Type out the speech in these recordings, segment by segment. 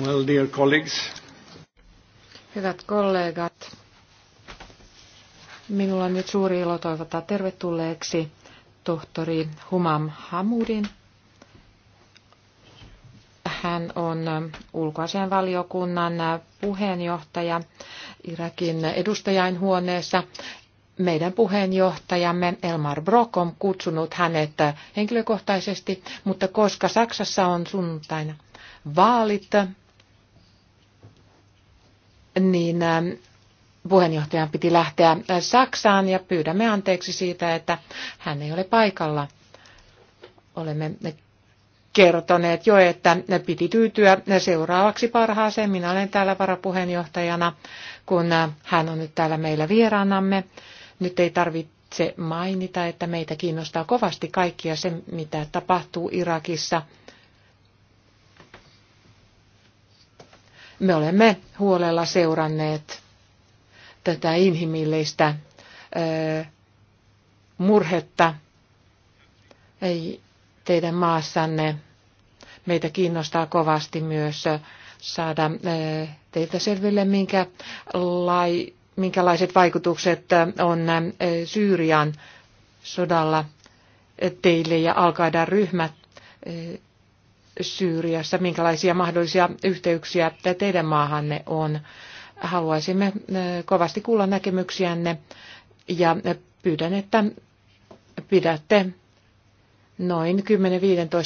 Well, dear colleagues. Hyvät kollegat, minulla on nyt suuri ilo toivottaa tervetulleeksi tohtori Humam Hamudin. Hän on ulkoasianvaliokunnan puheenjohtaja Irakin edustajainhuoneessa meidän puheenjohtajamme Elmar Brok on kutsunut hänet henkilökohtaisesti, mutta koska Saksassa on sunnuntaina vaalit, niin ähm, puheenjohtajan piti lähteä äh, Saksaan ja pyydämme anteeksi siitä, että hän ei ole paikalla. Olemme kertoneet jo, että piti tyytyä seuraavaksi parhaaseen. Minä olen täällä varapuheenjohtajana, kun äh, hän on nyt täällä meillä vieraanamme. Nyt ei tarvitse mainita, että meitä kiinnostaa kovasti kaikkia se, mitä tapahtuu Irakissa – Me olemme huolella seuranneet tätä inhimillistä murhetta ei teidän maassanne. Meitä kiinnostaa kovasti myös saada teiltä selville, minkä lai, minkälaiset vaikutukset on Syyrian sodalla teille ja alkaida ryhmät Syyriassa, minkälaisia mahdollisia yhteyksiä teidän maahanne on. Haluaisimme eh, kovasti kuulla näkemyksiänne ja pyydän, että pidätte noin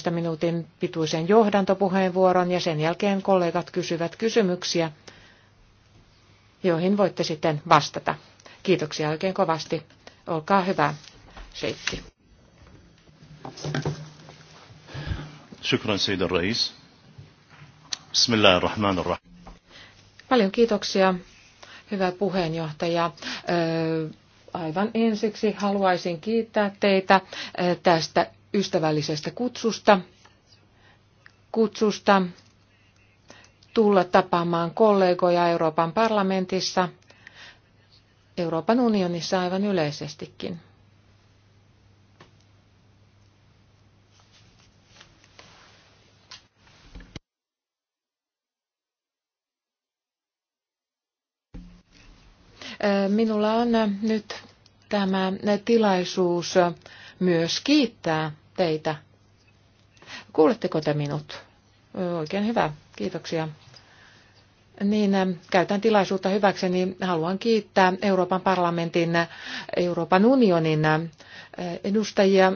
10-15 minuutin pituisen johdantopuheenvuoron ja sen jälkeen kollegat kysyvät kysymyksiä, joihin voitte sitten vastata. Kiitoksia oikein kovasti. Olkaa hyvä, Seitti. شكرا سيد الرئيس بسم الله الرحمن الرحيم Paljon kiitoksia, hyvä puheenjohtaja. Aivan ensiksi haluaisin kiittää teitä tästä ystävällisestä kutsusta, kutsusta tulla tapaamaan kollegoja Euroopan parlamentissa, Euroopan unionissa aivan yleisestikin. Minulla on nyt tämä tilaisuus myös kiittää teitä. Kuuletteko te minut? Oikein hyvä, kiitoksia. Niin, käytän tilaisuutta hyväkseni. Haluan kiittää Euroopan parlamentin, Euroopan unionin edustajia,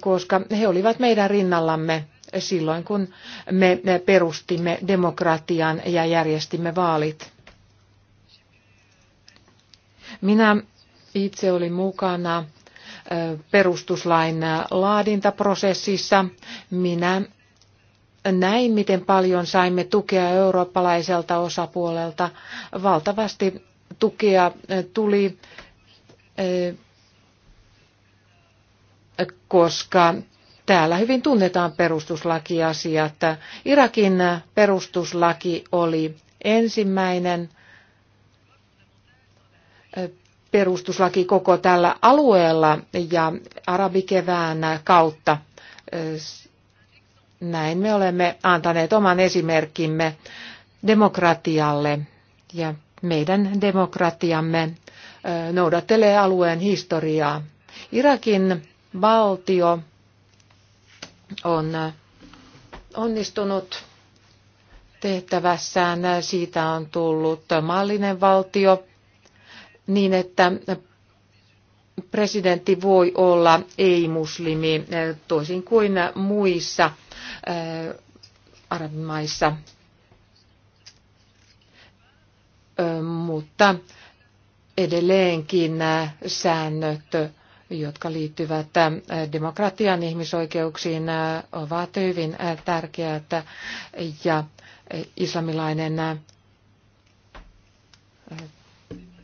koska he olivat meidän rinnallamme silloin, kun me perustimme demokratian ja järjestimme vaalit. Minä itse olin mukana perustuslain laadintaprosessissa. Minä näin, miten paljon saimme tukea eurooppalaiselta osapuolelta. Valtavasti tukea tuli, koska täällä hyvin tunnetaan perustuslakiasiat. Irakin perustuslaki oli ensimmäinen perustuslaki koko tällä alueella ja arabikevään kautta. Näin me olemme antaneet oman esimerkkimme demokratialle ja meidän demokratiamme noudattelee alueen historiaa. Irakin valtio on onnistunut tehtävässään. Siitä on tullut maallinen valtio niin, että presidentti voi olla ei-muslimi eh, toisin kuin muissa eh, arabimaissa. Eh, mutta edelleenkin säännöt, jotka liittyvät demokratian ihmisoikeuksiin, ovat hyvin tärkeät ja islamilainen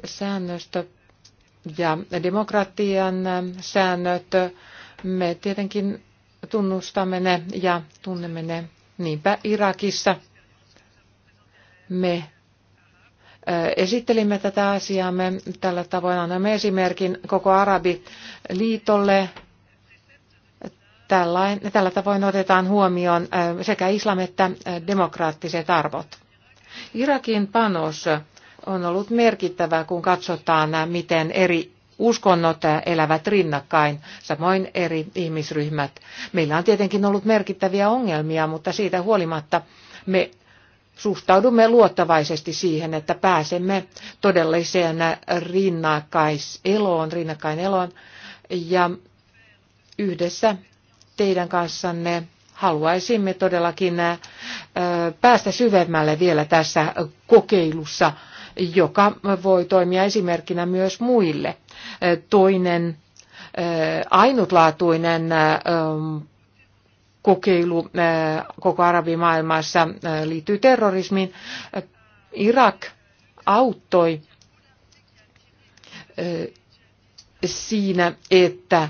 säännöstö ja demokratian säännöt, me tietenkin tunnustamme ne ja tunnemme ne niinpä Irakissa. Me esittelimme tätä asiaa, me tällä tavoin annamme esimerkin koko Arabiliitolle. tällä tavoin otetaan huomioon sekä islam että demokraattiset arvot. Irakin panos on ollut merkittävää, kun katsotaan, miten eri uskonnot elävät rinnakkain, samoin eri ihmisryhmät. Meillä on tietenkin ollut merkittäviä ongelmia, mutta siitä huolimatta me suhtaudumme luottavaisesti siihen, että pääsemme todelliseen rinnakkaiseloon, rinnakkaineloon ja yhdessä teidän kanssanne haluaisimme todellakin päästä syvemmälle vielä tässä kokeilussa joka voi toimia esimerkkinä myös muille. Toinen ainutlaatuinen kokeilu koko arabimaailmassa liittyy terrorismiin. Irak auttoi siinä, että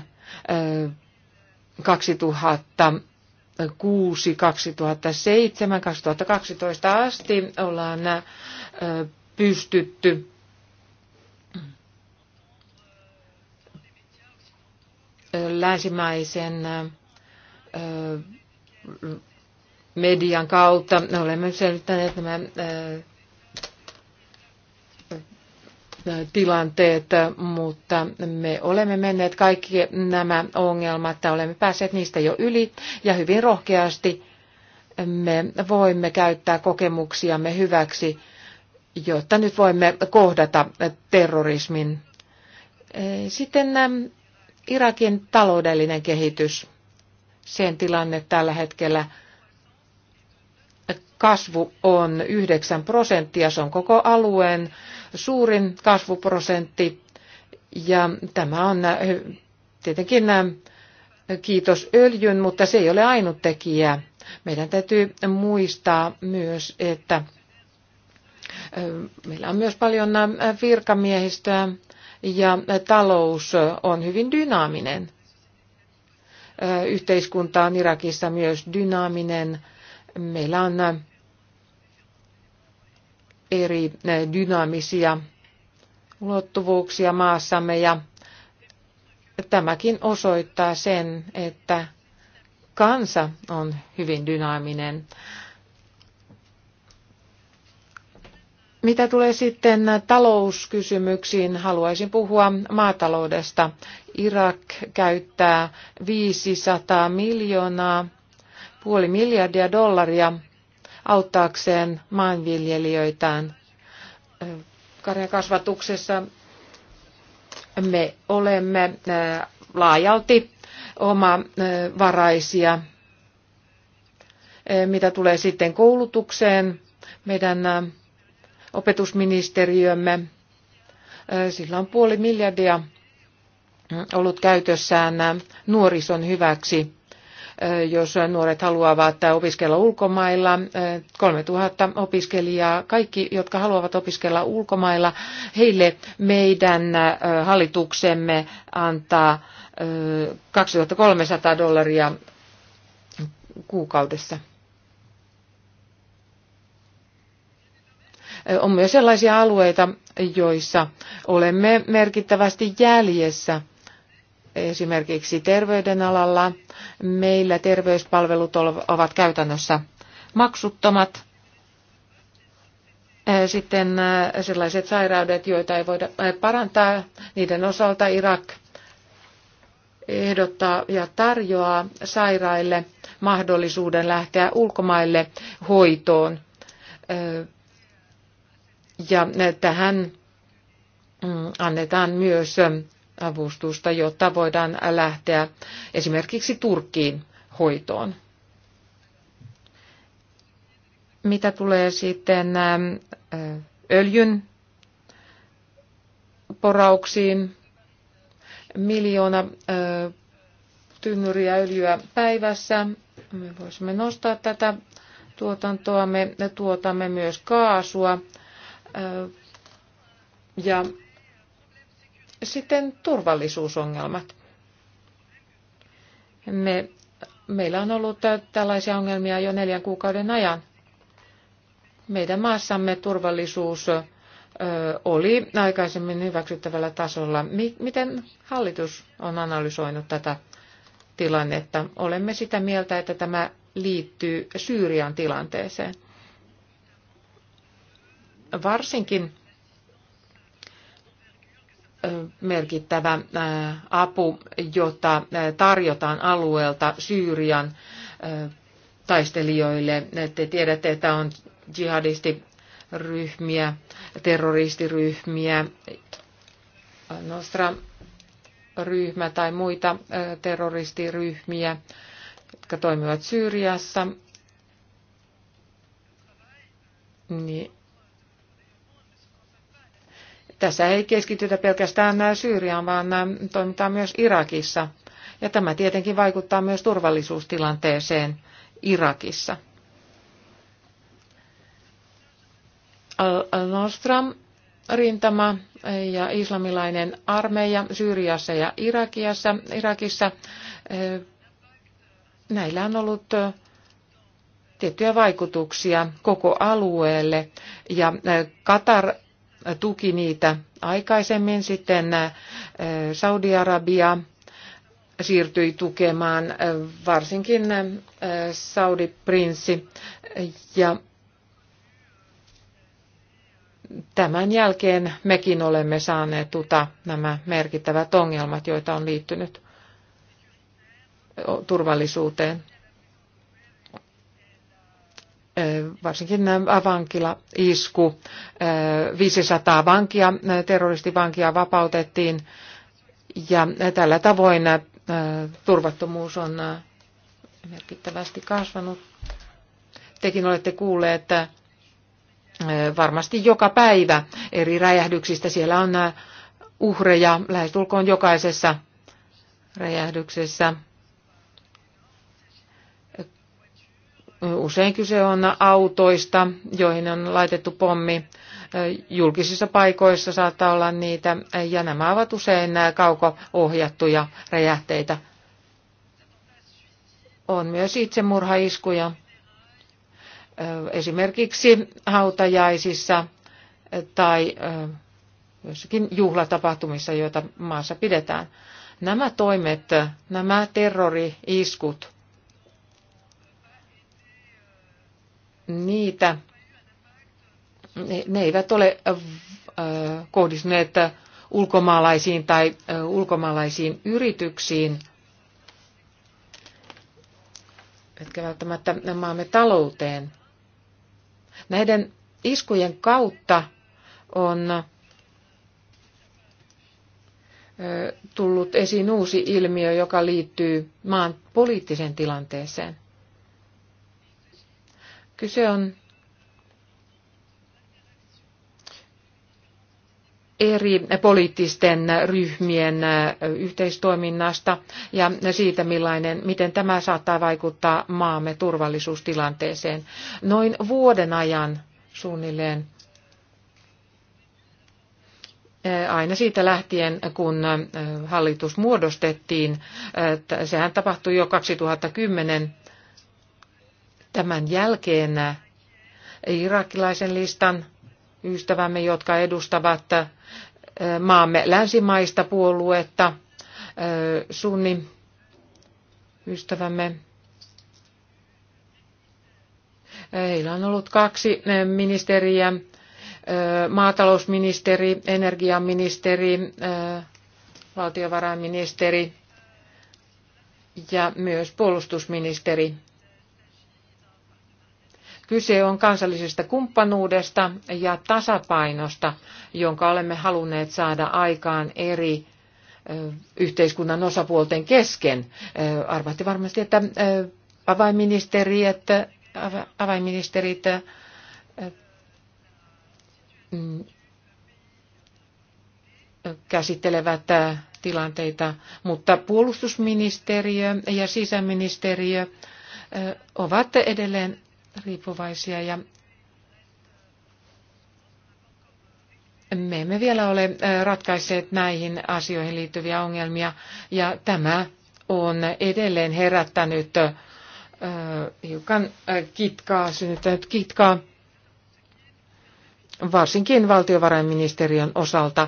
2006, 2007, 2012 asti ollaan pystytty länsimäisen median kautta. Me olemme selvittäneet nämä tilanteet, mutta me olemme menneet kaikki nämä ongelmat ja olemme päässeet niistä jo yli ja hyvin rohkeasti me voimme käyttää kokemuksiamme hyväksi jotta nyt voimme kohdata terrorismin. Sitten ähm, Irakin taloudellinen kehitys, sen tilanne tällä hetkellä kasvu on 9 prosenttia, se on koko alueen suurin kasvuprosentti ja tämä on äh, tietenkin äh, kiitos öljyn, mutta se ei ole ainut tekijä. Meidän täytyy muistaa myös, että Meillä on myös paljon virkamiehistöä ja talous on hyvin dynaaminen. Yhteiskunta on Irakissa myös dynaaminen. Meillä on eri dynaamisia ulottuvuuksia maassamme ja tämäkin osoittaa sen, että kansa on hyvin dynaaminen. Mitä tulee sitten talouskysymyksiin, haluaisin puhua maataloudesta. Irak käyttää 500 miljoonaa, puoli miljardia dollaria auttaakseen maanviljelijöitään karjakasvatuksessa. Me olemme laajalti omavaraisia. Mitä tulee sitten koulutukseen, meidän opetusministeriömme. Sillä on puoli miljardia ollut käytössään nuorison hyväksi, jos nuoret haluavat opiskella ulkomailla. 3000 opiskelijaa, kaikki, jotka haluavat opiskella ulkomailla, heille meidän hallituksemme antaa 2300 dollaria kuukaudessa. On myös sellaisia alueita, joissa olemme merkittävästi jäljessä. Esimerkiksi terveydenalalla meillä terveyspalvelut ovat käytännössä maksuttomat. Sitten sellaiset sairaudet, joita ei voida parantaa, niiden osalta Irak ehdottaa ja tarjoaa sairaille mahdollisuuden lähteä ulkomaille hoitoon ja eh, tähän mm, annetaan myös eh, avustusta, jotta voidaan lähteä esimerkiksi Turkkiin hoitoon. Mitä tulee sitten eh, öljyn porauksiin, miljoona tynnyriä öljyä päivässä. Me voisimme nostaa tätä tuotantoa. Me tuotamme myös kaasua ja sitten turvallisuusongelmat. Me, meillä on ollut tällaisia ongelmia jo neljän kuukauden ajan. Meidän maassamme turvallisuus oli aikaisemmin hyväksyttävällä tasolla. Miten hallitus on analysoinut tätä tilannetta? Olemme sitä mieltä, että tämä liittyy Syyrian tilanteeseen varsinkin merkittävä apu, jota tarjotaan alueelta Syyrian taistelijoille. Te tiedätte, että on jihadistiryhmiä, terroristiryhmiä, Nostra-ryhmä tai muita terroristiryhmiä, jotka toimivat Syyriassa. Niin tässä ei keskitytä pelkästään Syyriaan, vaan toimitaan myös Irakissa. Ja tämä tietenkin vaikuttaa myös turvallisuustilanteeseen Irakissa. Al-Nostram rintama ja islamilainen armeija Syyriassa ja Irakiassa, Irakissa. Näillä on ollut tiettyjä vaikutuksia koko alueelle ja Katar tuki niitä aikaisemmin. Sitten Saudi-Arabia siirtyi tukemaan varsinkin Saudi-prinssi. Ja tämän jälkeen mekin olemme saaneet tuta nämä merkittävät ongelmat, joita on liittynyt turvallisuuteen varsinkin vankila-isku. 500 vankia, terroristivankia vapautettiin ja tällä tavoin turvattomuus on merkittävästi kasvanut. Tekin olette kuulleet, että varmasti joka päivä eri räjähdyksistä siellä on uhreja lähestulkoon jokaisessa räjähdyksessä. Usein kyse on autoista, joihin on laitettu pommi. Julkisissa paikoissa saattaa olla niitä, ja nämä ovat usein kauko-ohjattuja räjähteitä. On myös itsemurhaiskuja. Esimerkiksi hautajaisissa tai jossakin juhlatapahtumissa, joita maassa pidetään. Nämä toimet, nämä terrori-iskut niitä, ne eivät ole äh, kohdistuneet ulkomaalaisiin tai äh, ulkomaalaisiin yrityksiin, etkä välttämättä maamme talouteen. Näiden iskujen kautta on äh, tullut esiin uusi ilmiö, joka liittyy maan poliittiseen tilanteeseen. Kyse on eri poliittisten ryhmien yhteistoiminnasta ja siitä, millainen, miten tämä saattaa vaikuttaa maamme turvallisuustilanteeseen. Noin vuoden ajan suunnilleen aina siitä lähtien, kun hallitus muodostettiin, sehän tapahtui jo 2010 Tämän jälkeen irakilaisen listan ystävämme, jotka edustavat maamme länsimaista puoluetta, sunni ystävämme. Heillä on ollut kaksi ministeriä, maatalousministeri, energiaministeri, valtiovarainministeri ja myös puolustusministeri Kyse on kansallisesta kumppanuudesta ja tasapainosta, jonka olemme halunneet saada aikaan eri yhteiskunnan osapuolten kesken. Arvaatte varmasti, että avainministeriöt, avainministerit mm, käsittelevät tilanteita, mutta puolustusministeriö ja sisäministeriö ovat edelleen riippuvaisia ja me emme vielä ole ratkaisseet näihin asioihin liittyviä ongelmia ja tämä on edelleen herättänyt hiukan kitkaa, synnyttänyt kitkaa varsinkin valtiovarainministeriön osalta.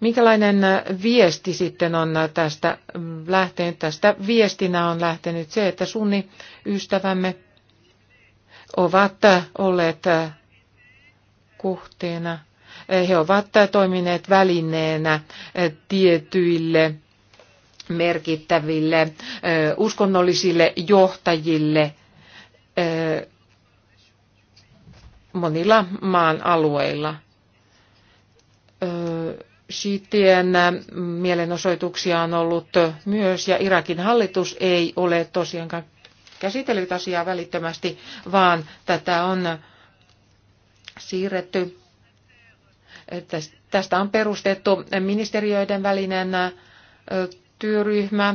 Minkälainen viesti sitten on tästä lähtenyt? Tästä viestinä on lähtenyt se, että sunni ystävämme ovat äh, olleet äh, kohteena. Äh, he ovat toimineet välineenä tietyille merkittäville uskonnollisille johtajille monilla maan alueilla. Shiittien mielenosoituksia on ollut myös, ja Irakin hallitus ei ole tosiaankaan käsitellyt asiaa välittömästi, vaan tätä on siirretty. Tästä on perustettu ministeriöiden välinen työryhmä.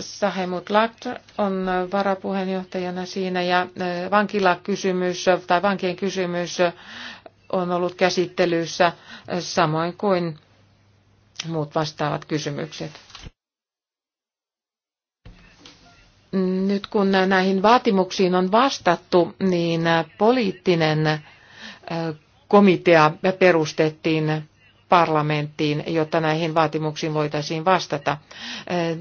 Sahemut Lakt on varapuheenjohtajana siinä ja vankilakysymys tai vankien kysymys on ollut käsittelyssä samoin kuin muut vastaavat kysymykset. nyt kun näihin vaatimuksiin on vastattu, niin äh, poliittinen äh, komitea perustettiin parlamenttiin, jotta näihin vaatimuksiin voitaisiin vastata. Äh,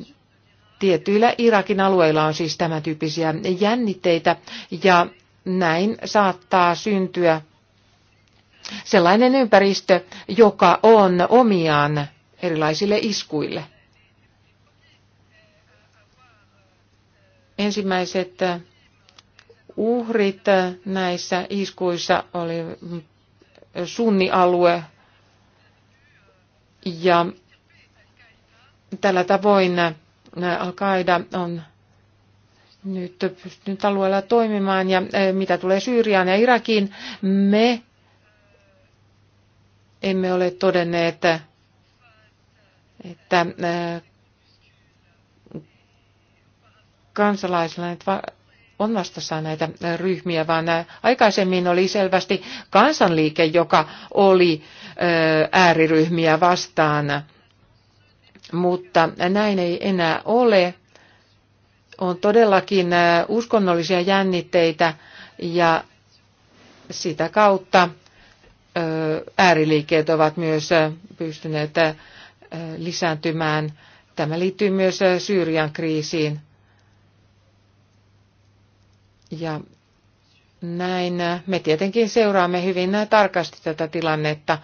tietyillä Irakin alueilla on siis tämän tyyppisiä jännitteitä ja näin saattaa syntyä sellainen ympäristö, joka on omiaan erilaisille iskuille. Ensimmäiset uhrit näissä iskuissa oli sunnialue ja tällä tavoin Al-Qaida on nyt pystynyt alueella toimimaan ja eh, mitä tulee Syyriaan ja Irakiin, me emme ole todenneet, että eh, kansalaisilla nyt va- on vastassaan näitä ryhmiä, vaan äh, aikaisemmin oli selvästi kansanliike, joka oli äh, ääriryhmiä vastaan, mutta näin ei enää ole. On todellakin äh, uskonnollisia jännitteitä ja sitä kautta ääriliikkeet ovat myös pystyneet lisääntymään. Tämä liittyy myös Syyrian kriisiin ja näin me tietenkin seuraamme hyvin tarkasti tätä tilannetta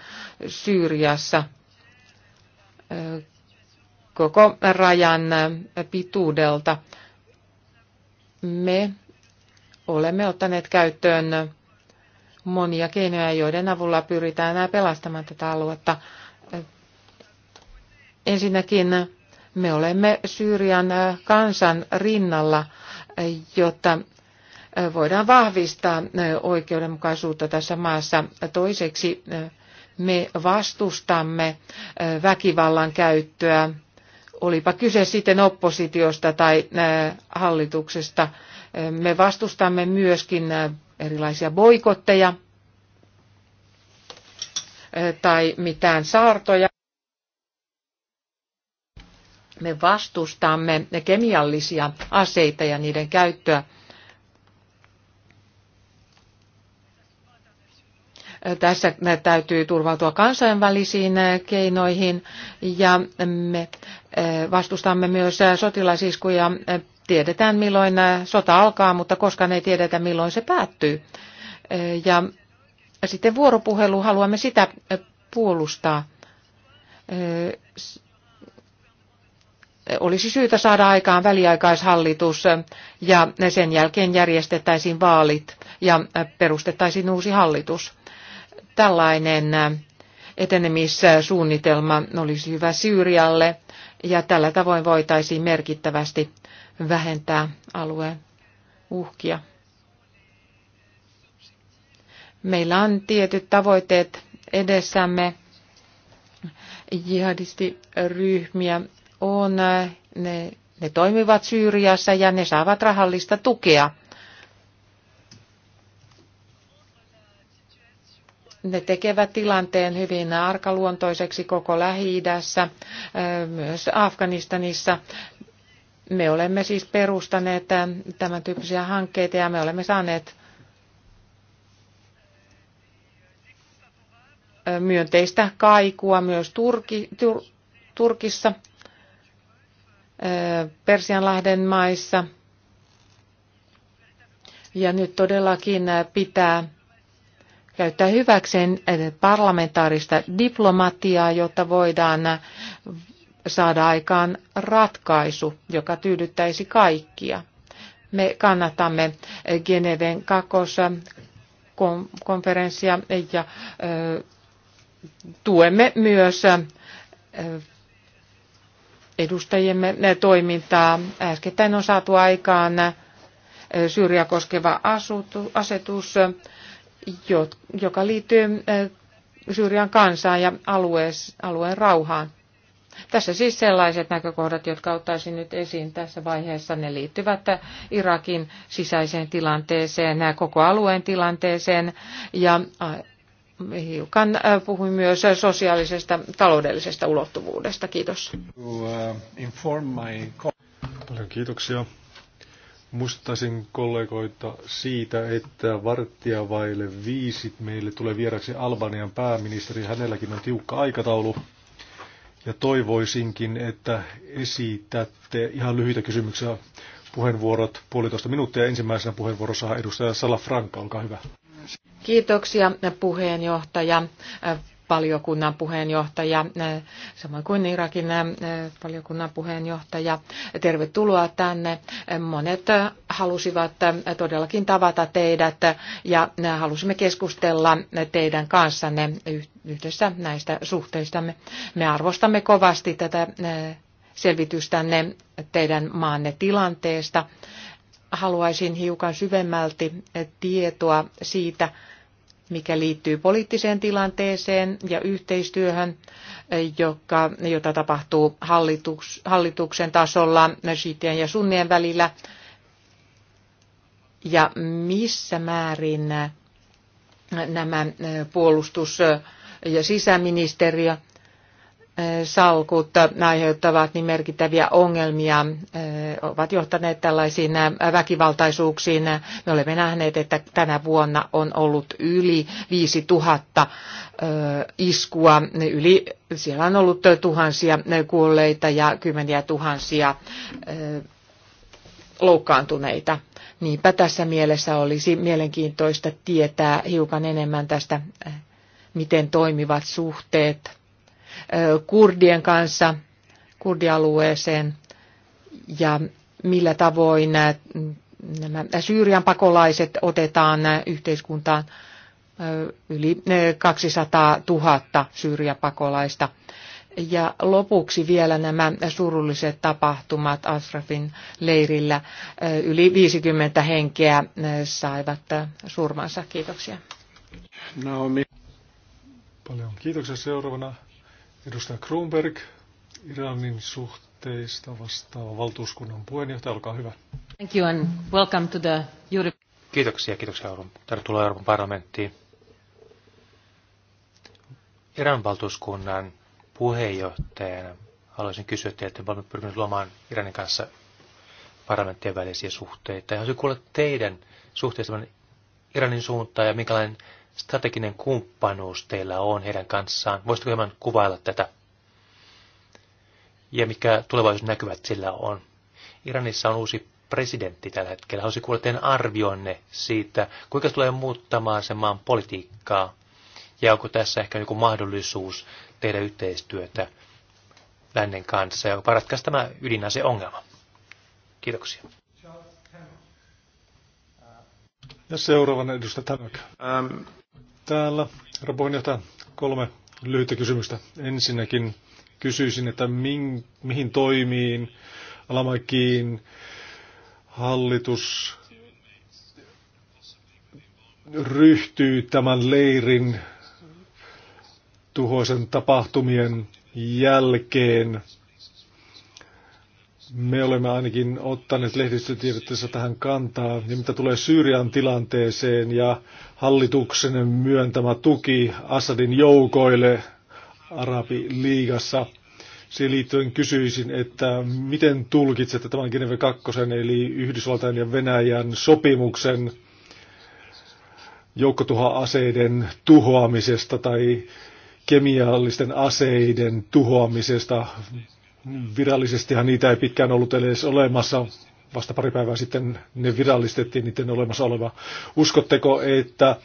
Syyriassa koko rajan pituudelta. Me olemme ottaneet käyttöön monia keinoja, joiden avulla pyritään enää pelastamaan tätä aluetta. Ensinnäkin me olemme Syyrian kansan rinnalla, jotta voidaan vahvistaa oikeudenmukaisuutta tässä maassa. Toiseksi me vastustamme väkivallan käyttöä, olipa kyse sitten oppositiosta tai hallituksesta. Me vastustamme myöskin erilaisia boikotteja tai mitään saartoja. Me vastustamme kemiallisia aseita ja niiden käyttöä Tässä täytyy turvautua kansainvälisiin keinoihin ja me eh, vastustamme myös sotilasiskuja. Tiedetään milloin sota alkaa, mutta koskaan ei tiedetä milloin se päättyy. Eh, ja sitten vuoropuhelu, haluamme sitä puolustaa eh, olisi syytä saada aikaan väliaikaishallitus ja sen jälkeen järjestettäisiin vaalit ja perustettaisiin uusi hallitus. Tällainen äh, etenemissuunnitelma olisi hyvä Syyrialle ja tällä tavoin voitaisiin merkittävästi vähentää alueen uhkia. Meillä on tietyt tavoitteet edessämme. Jihadistiryhmiä on, äh, ne, ne toimivat Syyriassa ja ne saavat rahallista tukea Ne tekevät tilanteen hyvin arkaluontoiseksi koko Lähi-idässä, myös Afganistanissa. Me olemme siis perustaneet tämän tyyppisiä hankkeita ja me olemme saaneet myönteistä kaikua myös Turki, Tur, Turkissa, Persianlahden maissa. Ja nyt todellakin pitää käyttää hyväkseen eh, parlamentaarista diplomatiaa, jotta voidaan eh, saada aikaan ratkaisu, joka tyydyttäisi kaikkia. Me kannatamme eh, Geneven kakossa konferenssia ja tuemme myös edustajiemme toimintaa. Äskettäin on saatu aikaan syrjä koskeva asetus joka liittyy eh, Syyrian kansaan ja alueen rauhaan. Tässä siis sellaiset näkökohdat, jotka ottaisin nyt esiin tässä vaiheessa. Ne liittyvät eh, Irakin sisäiseen tilanteeseen, koko alueen tilanteeseen ja eh, hiukan puhuin myös sosiaalisesta taloudellisesta ulottuvuudesta. Kiitos. Paljon kiitoksia. Muistaisin kollegoita siitä, että varttia vaille viisit meille tulee vieraksi Albanian pääministeri. Hänelläkin on tiukka aikataulu. Ja toivoisinkin, että esitätte ihan lyhyitä kysymyksiä puheenvuorot puolitoista minuuttia. Ensimmäisenä puheenvuorossa edustaja Sala Franka, olkaa hyvä. Kiitoksia puheenjohtaja valiokunnan puheenjohtaja, eh, samoin kuin Irakin eh, valiokunnan puheenjohtaja. Tervetuloa tänne. Monet eh, halusivat todellakin tavata teidät ja halusimme keskustella teidän kanssanne yhdessä näistä suhteistamme. Me arvostamme kovasti tätä selvitystänne teidän maanne tilanteesta. Haluaisin hiukan syvemmälti tietoa siitä, mikä liittyy poliittiseen tilanteeseen ja yhteistyöhön, joka, jota tapahtuu hallituks, hallituksen tasolla shiitien ja sunnien välillä, ja missä määrin nämä puolustus- ja sisäministeriö salkut aiheuttavat niin merkittäviä ongelmia, ovat johtaneet tällaisiin väkivaltaisuuksiin. Me olemme nähneet, että tänä vuonna on ollut yli 5000 iskua. Yli, siellä on ollut tuhansia kuolleita ja kymmeniä tuhansia loukkaantuneita. Niinpä tässä mielessä olisi mielenkiintoista tietää hiukan enemmän tästä, miten toimivat suhteet kurdien kanssa kurdialueeseen ja millä tavoin nämä Syyrian pakolaiset otetaan yhteiskuntaan yli 200 000 syyriapakolaista. Ja lopuksi vielä nämä surulliset tapahtumat Asrafin leirillä. Yli 50 henkeä saivat surmansa. Kiitoksia. Naomi. Paljon kiitoksia. Seuraavana Edustaja Kronberg, Iranin suhteista vastaava valtuuskunnan puheenjohtaja, olkaa hyvä. Thank you and welcome to the Europe. Kiitoksia, kiitoksia. Tervetuloa Euroopan parlamenttiin. Iran valtuuskunnan puheenjohtajana haluaisin kysyä teiltä, että olemme pyrkineet luomaan Iranin kanssa parlamenttien välisiä suhteita. Ja haluaisin kuulla teidän suhteistanne Iranin suuntaan ja minkälainen strateginen kumppanuus teillä on heidän kanssaan? Voisitko hieman kuvailla tätä? Ja mikä tulevaisuus näkyvät sillä on? Iranissa on uusi presidentti tällä hetkellä. Haluaisin kuulla teidän arvionne siitä, kuinka tulee muuttamaan sen maan politiikkaa. Ja onko tässä ehkä joku mahdollisuus tehdä yhteistyötä lännen kanssa ja ratkaista tämä ydinaseongelma? Kiitoksia. Ja seuraavana edustaja Tanaka. Um. Ähm, täällä. Herra kolme lyhyttä kysymystä. Ensinnäkin kysyisin, että min, mihin toimiin Alamakiin hallitus ryhtyy tämän leirin tuhoisen tapahtumien jälkeen me olemme ainakin ottaneet lehdistötiedotteessa tähän kantaa, niin mitä tulee Syyrian tilanteeseen ja hallituksen myöntämä tuki Assadin joukoille Arabiliigassa. Siihen liittyen kysyisin, että miten tulkitsette tämän Geneve 2, eli Yhdysvaltain ja Venäjän sopimuksen joukkotuha-aseiden tuhoamisesta tai kemiallisten aseiden tuhoamisesta Virallisestihan niitä ei pitkään ollut edes olemassa. Vasta pari päivää sitten ne virallistettiin niiden olemassa oleva. Uskotteko, että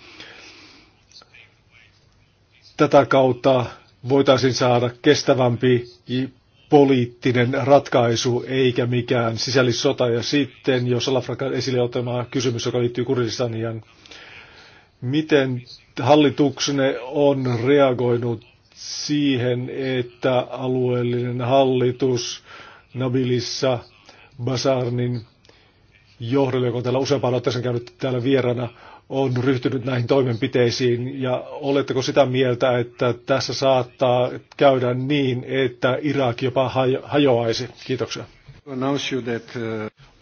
tätä kautta voitaisiin saada kestävämpi poliittinen ratkaisu eikä mikään sisällissota. Ja sitten, jos Alafraka esille ottama kysymys, joka liittyy Kurdistaniaan, miten hallituksenne on reagoinut siihen, että alueellinen hallitus Nabilissa Basarnin johdolle, joka on täällä useampaan otteeseen käynyt täällä vieraana, on ryhtynyt näihin toimenpiteisiin ja oletteko sitä mieltä, että tässä saattaa käydä niin, että Irak jopa hajoaisi? Kiitoksia.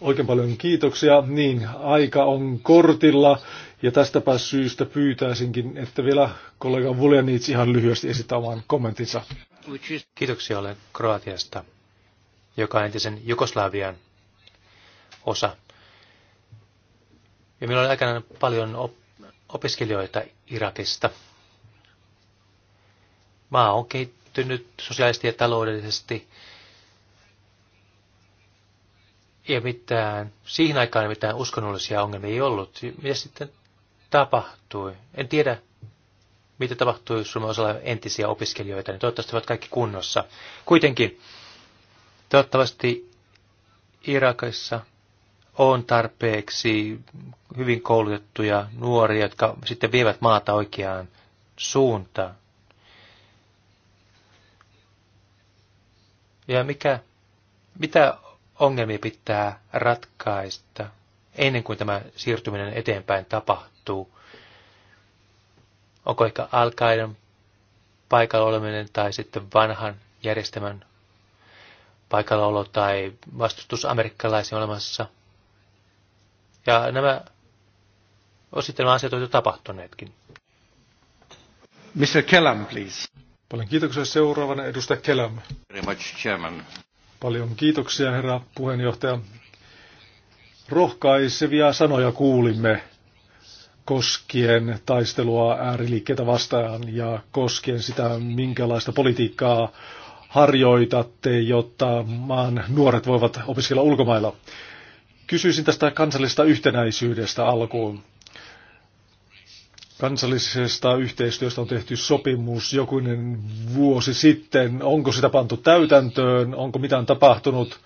Oikein paljon kiitoksia. Niin, aika on kortilla ja tästäpä syystä pyytäisinkin, että vielä kollega Vuljanic ihan lyhyesti esittää oman kommentinsa. Kiitoksia olen Kroatiasta, joka on entisen Jugoslavian osa. Ja meillä oli aikanaan paljon op- opiskelijoita Irakista. Maa on kehittynyt sosiaalisesti ja taloudellisesti ja mitään, siihen aikaan ei mitään uskonnollisia ongelmia ei ollut. Mitä sitten tapahtui? En tiedä, mitä tapahtui, jos sulla osalla entisiä opiskelijoita, niin toivottavasti ovat kaikki kunnossa. Kuitenkin, toivottavasti Irakissa on tarpeeksi hyvin koulutettuja nuoria, jotka sitten vievät maata oikeaan suuntaan. Ja mikä, mitä ongelmia pitää ratkaista ennen kuin tämä siirtyminen eteenpäin tapahtuu. Onko ehkä alkaiden paikalla oleminen tai sitten vanhan järjestelmän paikallaolo tai vastustus amerikkalaisiin olemassa. Ja nämä osittain asiat ovat jo tapahtuneetkin. Mr. Kellam, please. Paljon kiitoksia. Seuraavana edustaja Kellam. Very much, Chairman. Paljon kiitoksia, herra puheenjohtaja. Rohkaisevia sanoja kuulimme koskien taistelua ääriliikkeitä vastaan ja koskien sitä, minkälaista politiikkaa harjoitatte, jotta maan nuoret voivat opiskella ulkomailla. Kysyisin tästä kansallisesta yhtenäisyydestä alkuun. Kansallisesta yhteistyöstä on tehty sopimus jokuinen vuosi sitten. Onko sitä pantu täytäntöön? Onko mitään tapahtunut?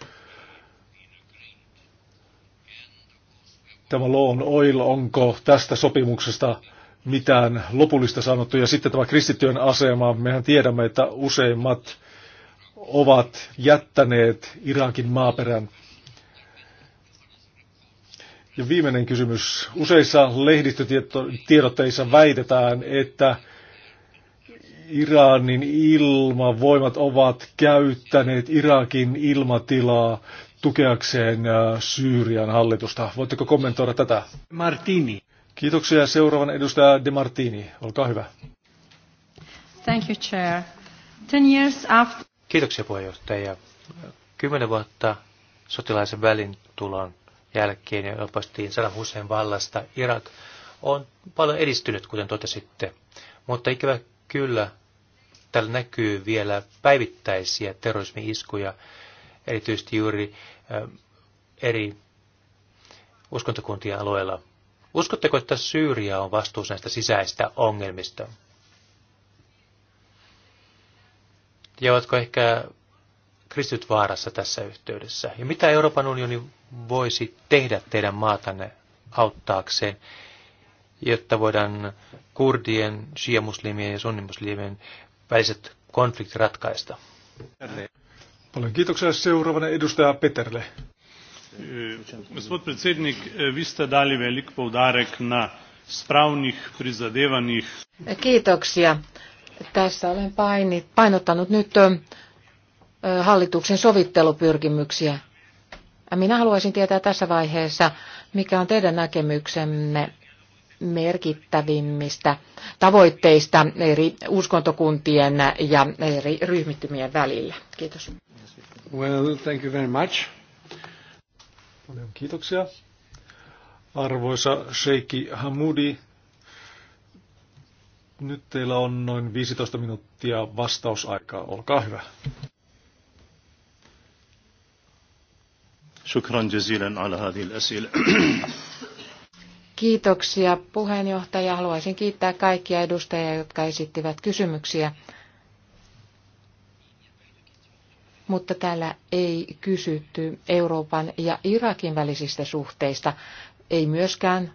Tämä Loon Oil, onko tästä sopimuksesta mitään lopullista sanottu? Ja sitten tämä kristittyjen asema. Mehän tiedämme, että useimmat ovat jättäneet Irakin maaperän ja viimeinen kysymys. Useissa lehdistötiedotteissa väitetään, että Iranin ilmavoimat ovat käyttäneet Irakin ilmatilaa tukeakseen äh, Syyrian hallitusta. Voitteko kommentoida tätä? Martini. Kiitoksia. Seuraavan edustaja De Martini. Olkaa hyvä. Thank you, Chair. Ten years after... Kiitoksia puheenjohtaja. Kymmenen vuotta sotilaisen välin jälkeen ja opastiin Saddam Hussein vallasta Irak on paljon edistynyt, kuten totesitte. Mutta ikävä kyllä täällä näkyy vielä päivittäisiä terrorismi-iskuja, erityisesti juuri äh, eri uskontokuntien alueella. Uskotteko, että Syyria on vastuussa näistä sisäistä ongelmista? Ja ovatko ehkä kristyt vaarassa tässä yhteydessä? Ja mitä Euroopan unioni voisi tehdä teidän maatanne auttaakseen, jotta voidaan kurdien, shia-muslimien ja sunnimuslimien väliset konfliktit ratkaista? Paljon kiitoksia. Seuraavana edustaja Peterle. Eh, gospod predsednik, eh, vi ste dali velik poudarek na spravnih prizadevanjih. Kiitoksia. Tässä olen painottanut nyt eh, hallituksen sovittelupyrkimyksiä minä haluaisin tietää tässä vaiheessa, mikä on teidän näkemyksenne merkittävimmistä tavoitteista eri uskontokuntien ja eri ryhmittymien välillä. Kiitos. Well, thank you very much. Paljon kiitoksia. Arvoisa Sheikki Hamudi, nyt teillä on noin 15 minuuttia vastausaikaa. Olkaa hyvä. Kiitoksia puheenjohtaja. Haluaisin kiittää kaikkia edustajia, jotka esittivät kysymyksiä. Mutta täällä ei kysytty Euroopan ja Irakin välisistä suhteista, ei myöskään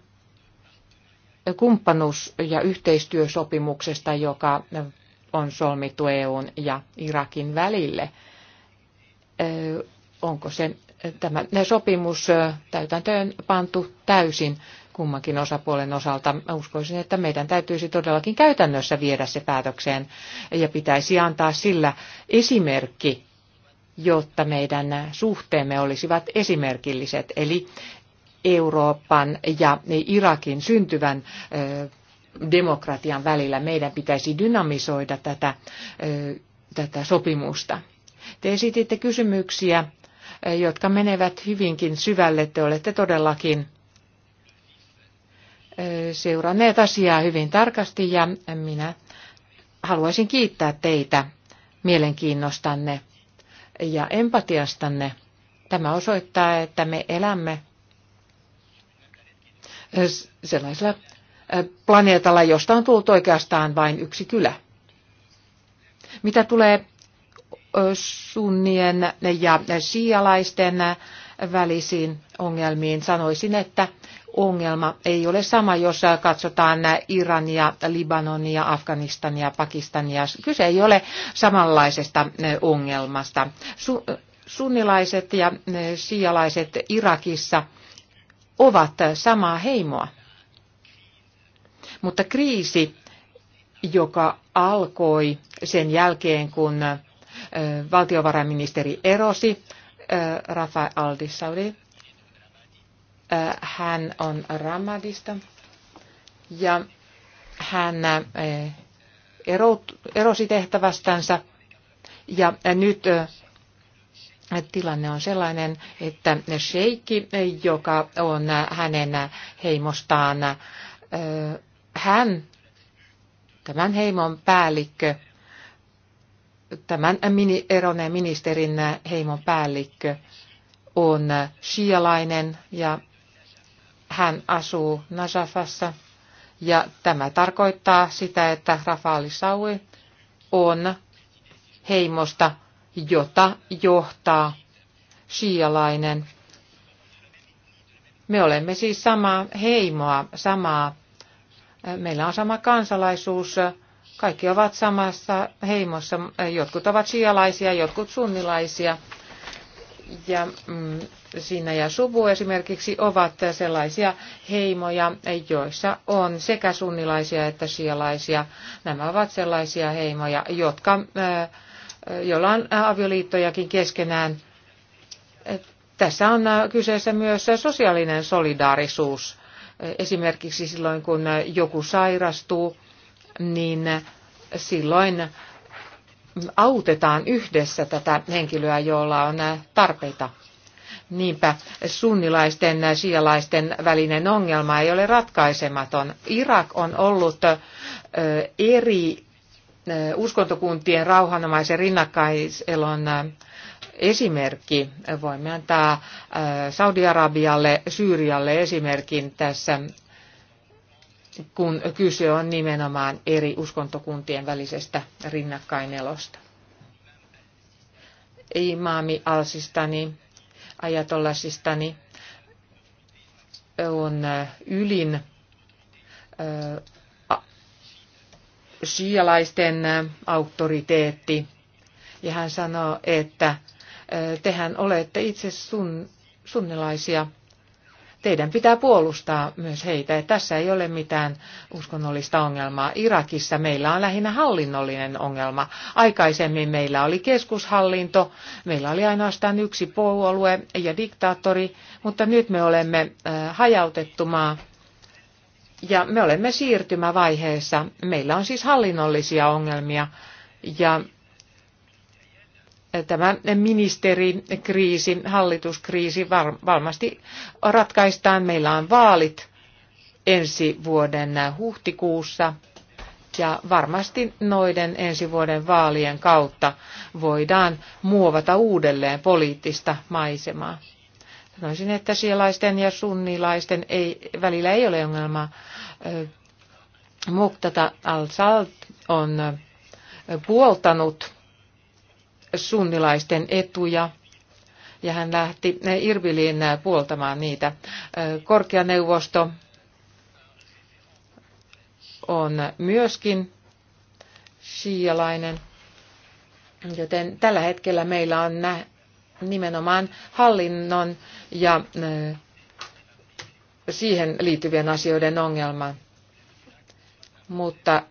kumppanuus- ja yhteistyösopimuksesta, joka on solmittu EUn ja Irakin välille onko sen eh, tämä sopimus eh, täytäntöön pantu täysin kummankin osapuolen osalta. Uskoisin, että meidän täytyisi todellakin käytännössä viedä se päätökseen ja pitäisi antaa sillä esimerkki, jotta meidän suhteemme olisivat esimerkilliset. Eli Euroopan ja Irakin syntyvän eh, demokratian välillä meidän pitäisi dynamisoida tätä, tätä sopimusta. Te esititte kysymyksiä Eh, jotka menevät hyvinkin syvälle. Te olette todellakin eh, seuranneet asiaa hyvin tarkasti ja minä haluaisin kiittää teitä mielenkiinnostanne ja empatiastanne. Tämä osoittaa, että me elämme sellaisella eh, planeetalla, josta on tullut oikeastaan vain yksi kylä. Mitä tulee sunnien ja shialaisten välisiin ongelmiin. Sanoisin, että ongelma ei ole sama, jos katsotaan Irania, Libanonia, Afganistania, Pakistania. Kyse ei ole samanlaisesta ongelmasta. Sunnilaiset ja siialaiset Irakissa ovat samaa heimoa. Mutta kriisi, joka alkoi sen jälkeen, kun valtiovarainministeri erosi, Rafael Aldisaudi. Hän on Ramadista ja hän erosi tehtävästänsä ja nyt tilanne on sellainen, että Sheikki, joka on hänen heimostaan, hän, tämän heimon päällikkö, tämän mini, eroneen ministerin heimon päällikkö on shialainen ja hän asuu Najafassa. Ja tämä tarkoittaa sitä, että Rafa Saui on heimosta, jota johtaa shialainen. Me olemme siis samaa heimoa, samaa, meillä on sama kansalaisuus, kaikki ovat samassa heimossa. Jotkut ovat sijalaisia, jotkut sunnilaisia. Ja mm, siinä ja Subu esimerkiksi ovat sellaisia heimoja, joissa on sekä sunnilaisia että sijalaisia. Nämä ovat sellaisia heimoja, jotka, äh, joilla on avioliittojakin keskenään. Tässä on äh, kyseessä myös sosiaalinen solidaarisuus. Esimerkiksi silloin, kun joku sairastuu niin silloin autetaan yhdessä tätä henkilöä, jolla on tarpeita. Niinpä sunnilaisten ja sijalaisten välinen ongelma ei ole ratkaisematon. Irak on ollut eri uskontokuntien rauhanomaisen rinnakkaiselon esimerkki. Voimme antaa Saudi-Arabialle, Syyrialle esimerkin tässä kun kyse on nimenomaan eri uskontokuntien välisestä rinnakkainelosta. Imaami Alsistani, Ajatollasistani on ylin shialaisten auktoriteetti. Ja hän sanoo, että tehän olette itse sun, sunnilaisia teidän pitää puolustaa myös heitä. Tässä ei ole mitään uskonnollista ongelmaa. Irakissa meillä on lähinnä hallinnollinen ongelma. Aikaisemmin meillä oli keskushallinto, meillä oli ainoastaan yksi puolue ja diktaattori, mutta nyt me olemme äh, hajautettu Ja me olemme siirtymävaiheessa. Meillä on siis hallinnollisia ongelmia ja tämä ministerikriisi, hallituskriisi varmasti ratkaistaan. Meillä on vaalit ensi vuoden huhtikuussa ja varmasti noiden ensi vuoden vaalien kautta voidaan muovata uudelleen poliittista maisemaa. Sanoisin, että sielaisten ja sunnilaisten ei, välillä ei ole ongelmaa. Muktata al-Salt on puoltanut sunnilaisten etuja ja hän lähti Irbiliin puoltamaan niitä. Korkeaneuvosto on myöskin shialainen, joten tällä hetkellä meillä on nimenomaan hallinnon ja siihen liittyvien asioiden ongelma. Mutta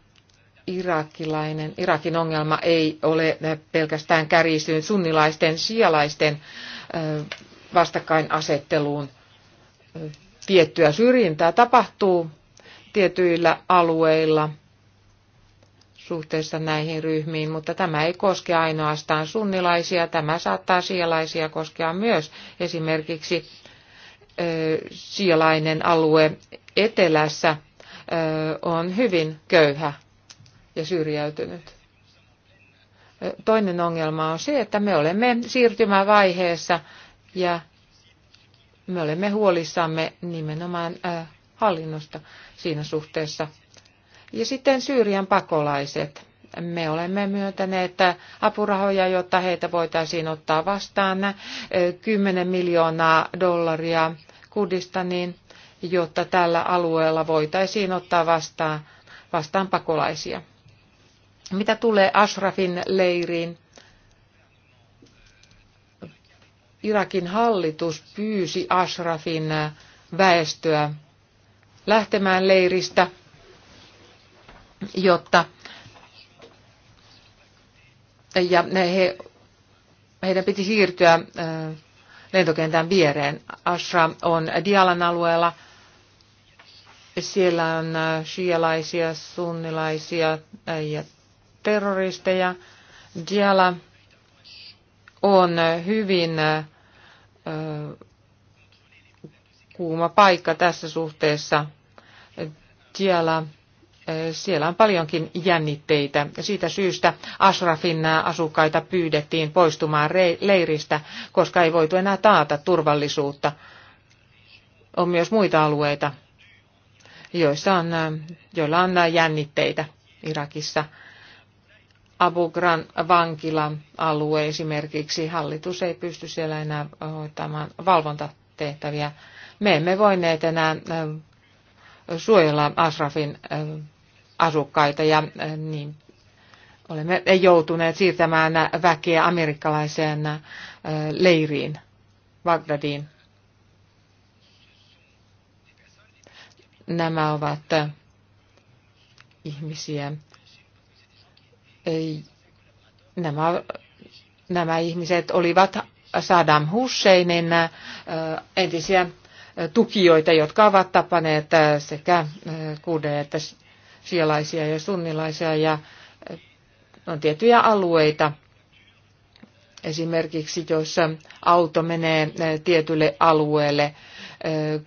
irakilainen, Irakin ongelma ei ole pelkästään kärjistynyt sunnilaisten, sialaisten vastakkainasetteluun. Tiettyä syrjintää tapahtuu tietyillä alueilla suhteessa näihin ryhmiin, mutta tämä ei koske ainoastaan sunnilaisia, tämä saattaa sialaisia koskea myös esimerkiksi sialainen alue etelässä on hyvin köyhä ja syrjäytynyt. Toinen ongelma on se, että me olemme siirtymävaiheessa ja me olemme huolissamme nimenomaan hallinnosta siinä suhteessa. Ja sitten Syyrian pakolaiset. Me olemme myöntäneet apurahoja, jotta heitä voitaisiin ottaa vastaan 10 miljoonaa dollaria Kurdistaniin, jotta tällä alueella voitaisiin ottaa vastaan, vastaan pakolaisia. Mitä tulee Ashrafin leiriin, Irakin hallitus pyysi Ashrafin väestöä lähtemään leiristä, jotta ja he, heidän piti siirtyä lentokentän viereen. Ashra on Dialan alueella. Siellä on shialaisia, sunnilaisia ja terroristeja. Diala on hyvin kuuma paikka tässä suhteessa. Diala, siellä on paljonkin jännitteitä. Siitä syystä Ashrafin asukkaita pyydettiin poistumaan leiristä, koska ei voitu enää taata turvallisuutta. On myös muita alueita, joissa on, joilla on jännitteitä Irakissa. Ghran vankilan alue esimerkiksi. Hallitus ei pysty siellä enää hoitamaan valvontatehtäviä. Me emme voineet enää suojella Asrafin asukkaita ja niin olemme joutuneet siirtämään väkeä amerikkalaiseen leiriin, Bagdadiin. Nämä ovat ihmisiä, nämä, nämä ihmiset olivat Saddam Husseinin entisiä tukijoita, jotka ovat tapaneet sekä kuude että sialaisia ja sunnilaisia. Ja on tiettyjä alueita, esimerkiksi jos auto menee tietylle alueelle,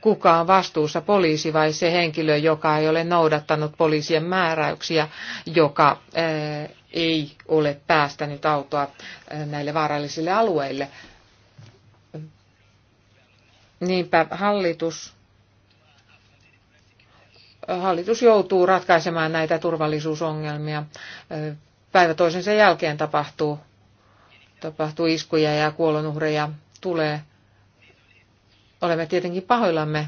kuka on vastuussa, poliisi vai se henkilö, joka ei ole noudattanut poliisien määräyksiä, joka ei ole päästänyt autoa näille vaarallisille alueille. Niinpä hallitus, hallitus joutuu ratkaisemaan näitä turvallisuusongelmia. Päivä toisensa jälkeen tapahtuu, tapahtuu iskuja ja kuolonuhreja tulee. Olemme tietenkin pahoillamme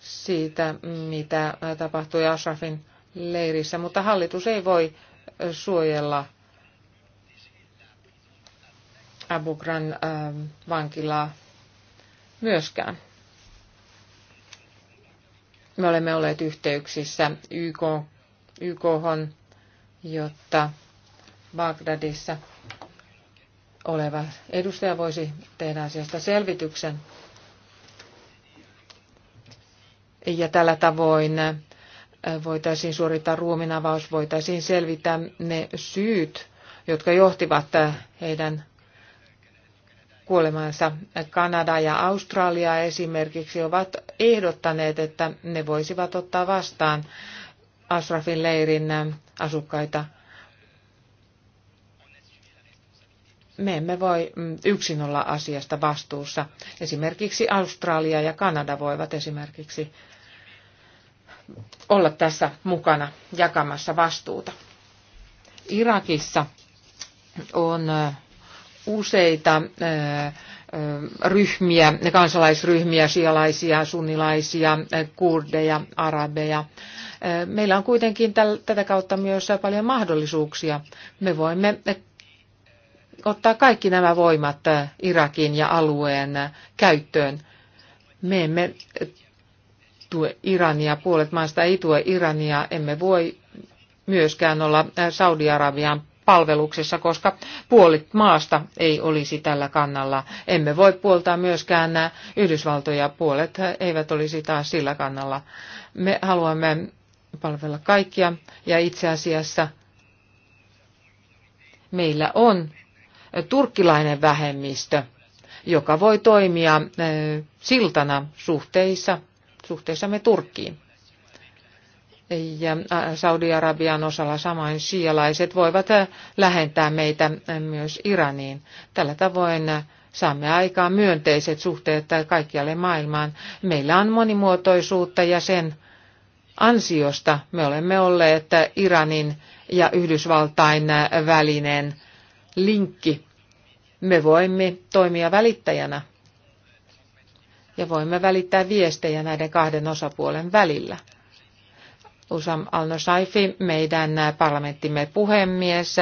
siitä, mitä tapahtui Ashrafin leirissä, mutta hallitus ei voi suojella Abu Ghran äh, vankilaa myöskään. Me olemme olleet yhteyksissä YK, YKhon, jotta Bagdadissa oleva edustaja voisi tehdä asiasta selvityksen. Ja tällä tavoin voitaisiin suorittaa ruuminavaus, voitaisiin selvittää ne syyt, jotka johtivat heidän kuolemansa. Kanada ja Australia esimerkiksi ovat ehdottaneet, että ne voisivat ottaa vastaan Asrafin leirin asukkaita. Me emme voi yksin olla asiasta vastuussa. Esimerkiksi Australia ja Kanada voivat esimerkiksi olla tässä mukana jakamassa vastuuta. Irakissa on useita ryhmiä, kansalaisryhmiä, sialaisia, sunnilaisia, kurdeja, arabeja. Meillä on kuitenkin tätä kautta myös paljon mahdollisuuksia. Me voimme ottaa kaikki nämä voimat Irakin ja alueen käyttöön. Me emme tue Irania, puolet maista ei tue Irania, emme voi myöskään olla Saudi-Arabian palveluksessa, koska puolet maasta ei olisi tällä kannalla. Emme voi puoltaa myöskään nämä Yhdysvaltoja, puolet eivät olisi taas sillä kannalla. Me haluamme palvella kaikkia ja itse asiassa meillä on turkkilainen vähemmistö, joka voi toimia siltana suhteissa suhteessamme Turkkiin. Ja Saudi-Arabian osalla samoin sijalaiset voivat lähentää meitä myös Iraniin. Tällä tavoin saamme aikaan myönteiset suhteet kaikkialle maailmaan. Meillä on monimuotoisuutta ja sen ansiosta me olemme olleet Iranin ja Yhdysvaltain välinen linkki. Me voimme toimia välittäjänä ja voimme välittää viestejä näiden kahden osapuolen välillä. Usam al-Nosaifi, meidän parlamenttimme puhemies,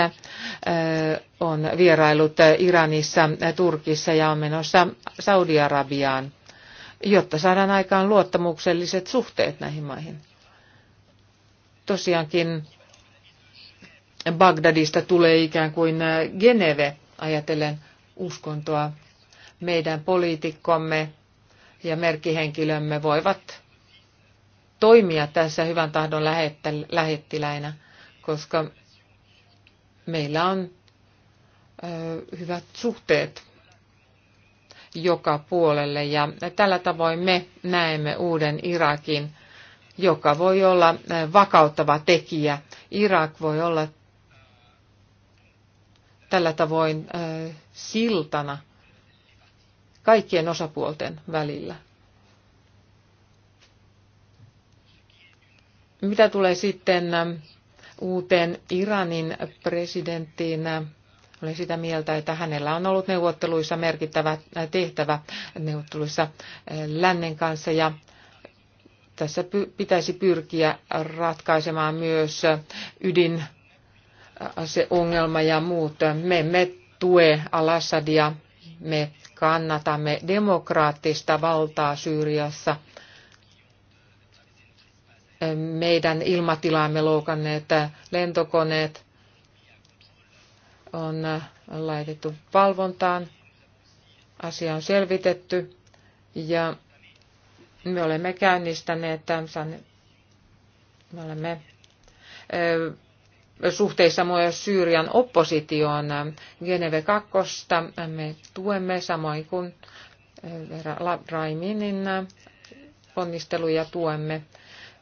on vierailut Iranissa, Turkissa ja on menossa Saudi-Arabiaan, jotta saadaan aikaan luottamukselliset suhteet näihin maihin. Tosiaankin Bagdadista tulee ikään kuin Geneve, ajatellen uskontoa. Meidän poliitikkomme ja merkkihenkilömme voivat toimia tässä hyvän tahdon lähettiläinä, koska meillä on hyvät suhteet joka puolelle ja tällä tavoin me näemme uuden Irakin, joka voi olla vakauttava tekijä. Irak voi olla tällä tavoin siltana – kaikkien osapuolten välillä. Mitä tulee sitten ähm, uuteen Iranin presidenttiin, äh, olen sitä mieltä, että hänellä on ollut neuvotteluissa merkittävä äh, tehtävä neuvotteluissa äh, lännen kanssa ja tässä pitäisi pyrkiä ratkaisemaan myös ydin se ongelma ja muut. Me emme tue Al-Assadia, me kannatamme demokraattista valtaa Syyriassa. Meidän ilmatilaamme loukanneet lentokoneet on laitettu valvontaan. Asia on selvitetty ja me olemme käynnistäneet tämän, me olemme suhteissa myös Syyrian oppositioon. Geneve 2 me tuemme samoin kuin eh, Raiminin onnisteluja tuemme.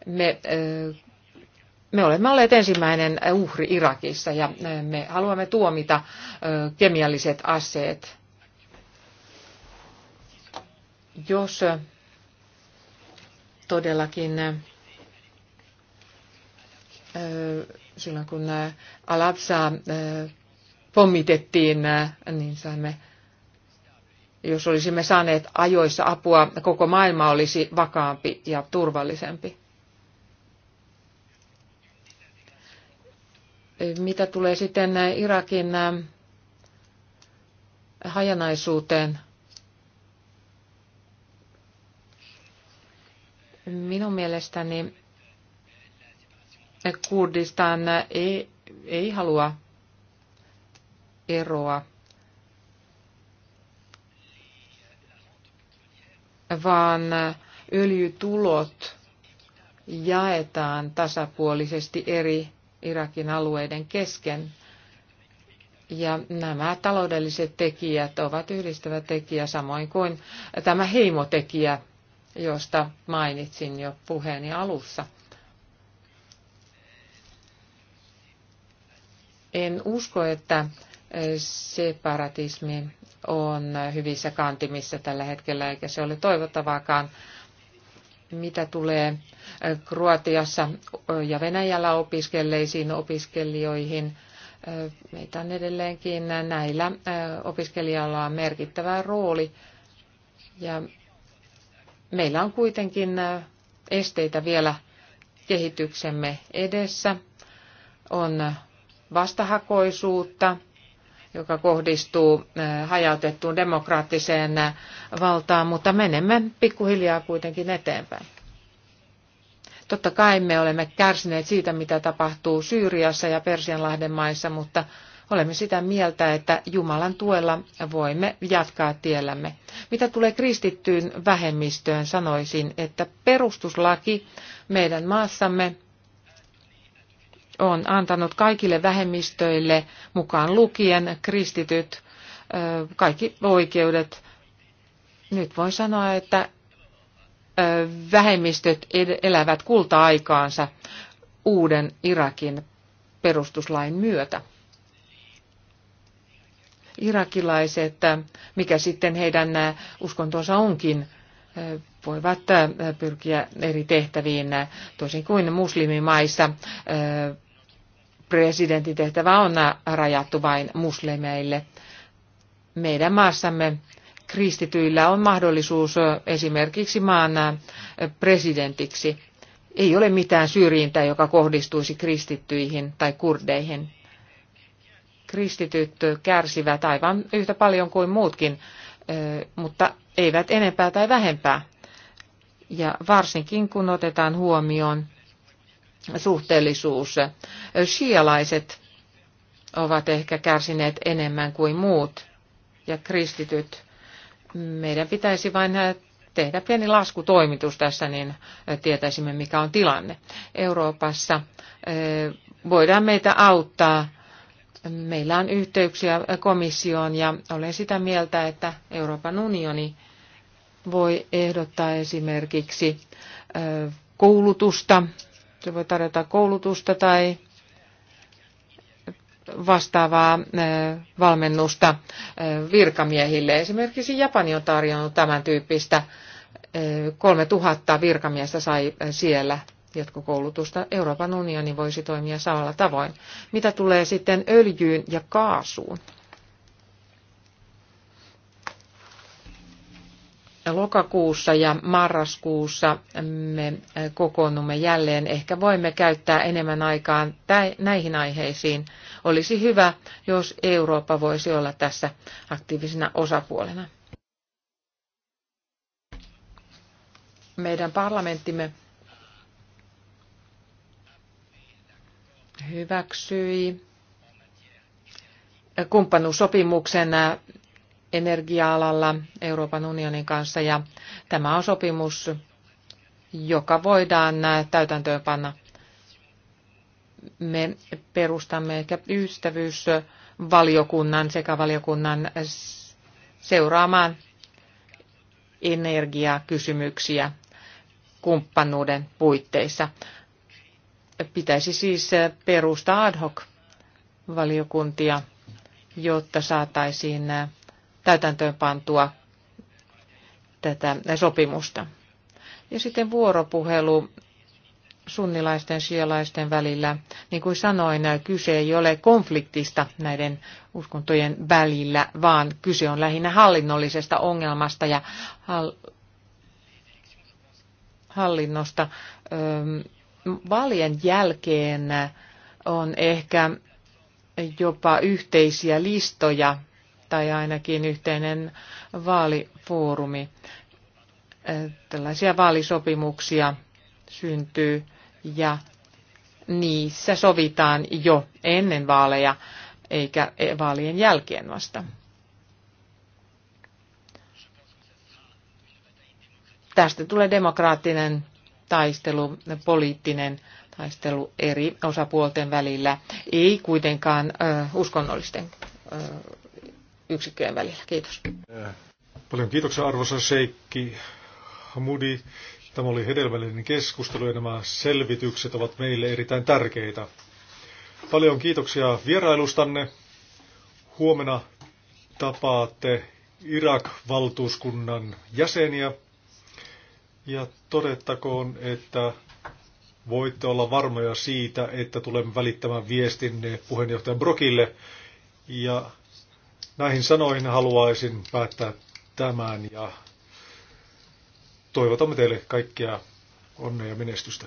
Me, eh, me olemme olleet ensimmäinen uhri Irakissa ja eh, me haluamme tuomita kemialliset aseet. Jos todellakin silloin kun Alapsaa pommitettiin, niin saimme, jos olisimme saaneet ajoissa apua, koko maailma olisi vakaampi ja turvallisempi. Mitä tulee sitten Irakin hajanaisuuteen, minun mielestäni Kurdistan ei, ei halua eroa, vaan öljytulot jaetaan tasapuolisesti eri Irakin alueiden kesken. Ja nämä taloudelliset tekijät ovat yhdistävä tekijä, samoin kuin tämä heimotekijä, josta mainitsin jo puheeni alussa – En usko, että äh, separatismi on hyvissä kantimissa tällä hetkellä, eikä se ole toivottavaakaan. Mitä tulee äh, Kroatiassa ja Venäjällä opiskelleisiin opiskelijoihin, äh, meitä on edelleenkin näillä opiskelijalla on merkittävä rooli. Ja meillä on kuitenkin esteitä vielä kehityksemme edessä. On vastahakoisuutta, joka kohdistuu eh, hajautettuun demokraattiseen eh, valtaan, mutta menemme pikkuhiljaa kuitenkin eteenpäin. Totta kai me olemme kärsineet siitä, mitä tapahtuu Syyriassa ja Persianlahden maissa, mutta olemme sitä mieltä, että Jumalan tuella voimme jatkaa tiellämme. Mitä tulee kristittyyn vähemmistöön, sanoisin, että perustuslaki meidän maassamme on antanut kaikille vähemmistöille, mukaan lukien kristityt, kaikki oikeudet. Nyt voi sanoa, että vähemmistöt elävät kulta-aikaansa uuden Irakin perustuslain myötä. Irakilaiset, mikä sitten heidän uskontonsa onkin, voivat pyrkiä eri tehtäviin, toisin kuin muslimimaissa presidentin tehtävä on rajattu vain muslimeille. Meidän maassamme kristityillä on mahdollisuus esimerkiksi maan presidentiksi. Ei ole mitään syrjintää, joka kohdistuisi kristittyihin tai kurdeihin. Kristityt kärsivät aivan yhtä paljon kuin muutkin, mutta eivät enempää tai vähempää. Ja varsinkin kun otetaan huomioon suhteellisuus. Shialaiset ovat ehkä kärsineet enemmän kuin muut ja kristityt. Meidän pitäisi vain tehdä pieni laskutoimitus tässä, niin tietäisimme mikä on tilanne. Euroopassa eh, voidaan meitä auttaa. Meillä on yhteyksiä komissioon ja olen sitä mieltä, että Euroopan unioni voi ehdottaa esimerkiksi eh, koulutusta se voi tarjota koulutusta tai vastaavaa eh, valmennusta eh, virkamiehille. Esimerkiksi Japani on tarjonnut tämän tyyppistä. 3000 eh, virkamiestä sai siellä jatkokoulutusta. Euroopan unioni voisi toimia samalla tavoin. Mitä tulee sitten öljyyn ja kaasuun? lokakuussa ja marraskuussa me kokoonnumme jälleen. Ehkä voimme käyttää enemmän aikaa näihin aiheisiin. Olisi hyvä, jos Eurooppa voisi olla tässä aktiivisena osapuolena. Meidän parlamenttimme hyväksyi kumppanuussopimuksen energia-alalla Euroopan unionin kanssa ja tämä on sopimus, joka voidaan täytäntöönpanna. Me perustamme ehkä ystävyysvaliokunnan sekä valiokunnan seuraamaan energiakysymyksiä kumppanuuden puitteissa. Pitäisi siis perustaa ad hoc valiokuntia, jotta saataisiin täytäntöönpantua tätä sopimusta. Ja sitten vuoropuhelu sunnilaisten sielaisten välillä. Niin kuin sanoin, kyse ei ole konfliktista näiden uskontojen välillä, vaan kyse on lähinnä hallinnollisesta ongelmasta ja hall- hallinnosta. Valien jälkeen on ehkä jopa yhteisiä listoja tai ainakin yhteinen vaalifoorumi. Tällaisia vaalisopimuksia syntyy ja niissä sovitaan jo ennen vaaleja eikä e, vaalien jälkeen vasta. Tästä tulee demokraattinen taistelu, poliittinen taistelu eri osapuolten välillä, ei kuitenkaan uskonnollisten yksikköjen välillä. Kiitos. Paljon kiitoksia arvoisa Seikki Hamudi. Tämä oli hedelmällinen keskustelu ja nämä selvitykset ovat meille erittäin tärkeitä. Paljon kiitoksia vierailustanne. Huomenna tapaatte Irak-valtuuskunnan jäseniä. Ja todettakoon, että voitte olla varmoja siitä, että tulemme välittämään viestinne puheenjohtaja Brokille. Ja Näihin sanoihin haluaisin päättää tämän ja toivotamme teille kaikkia onnea ja menestystä.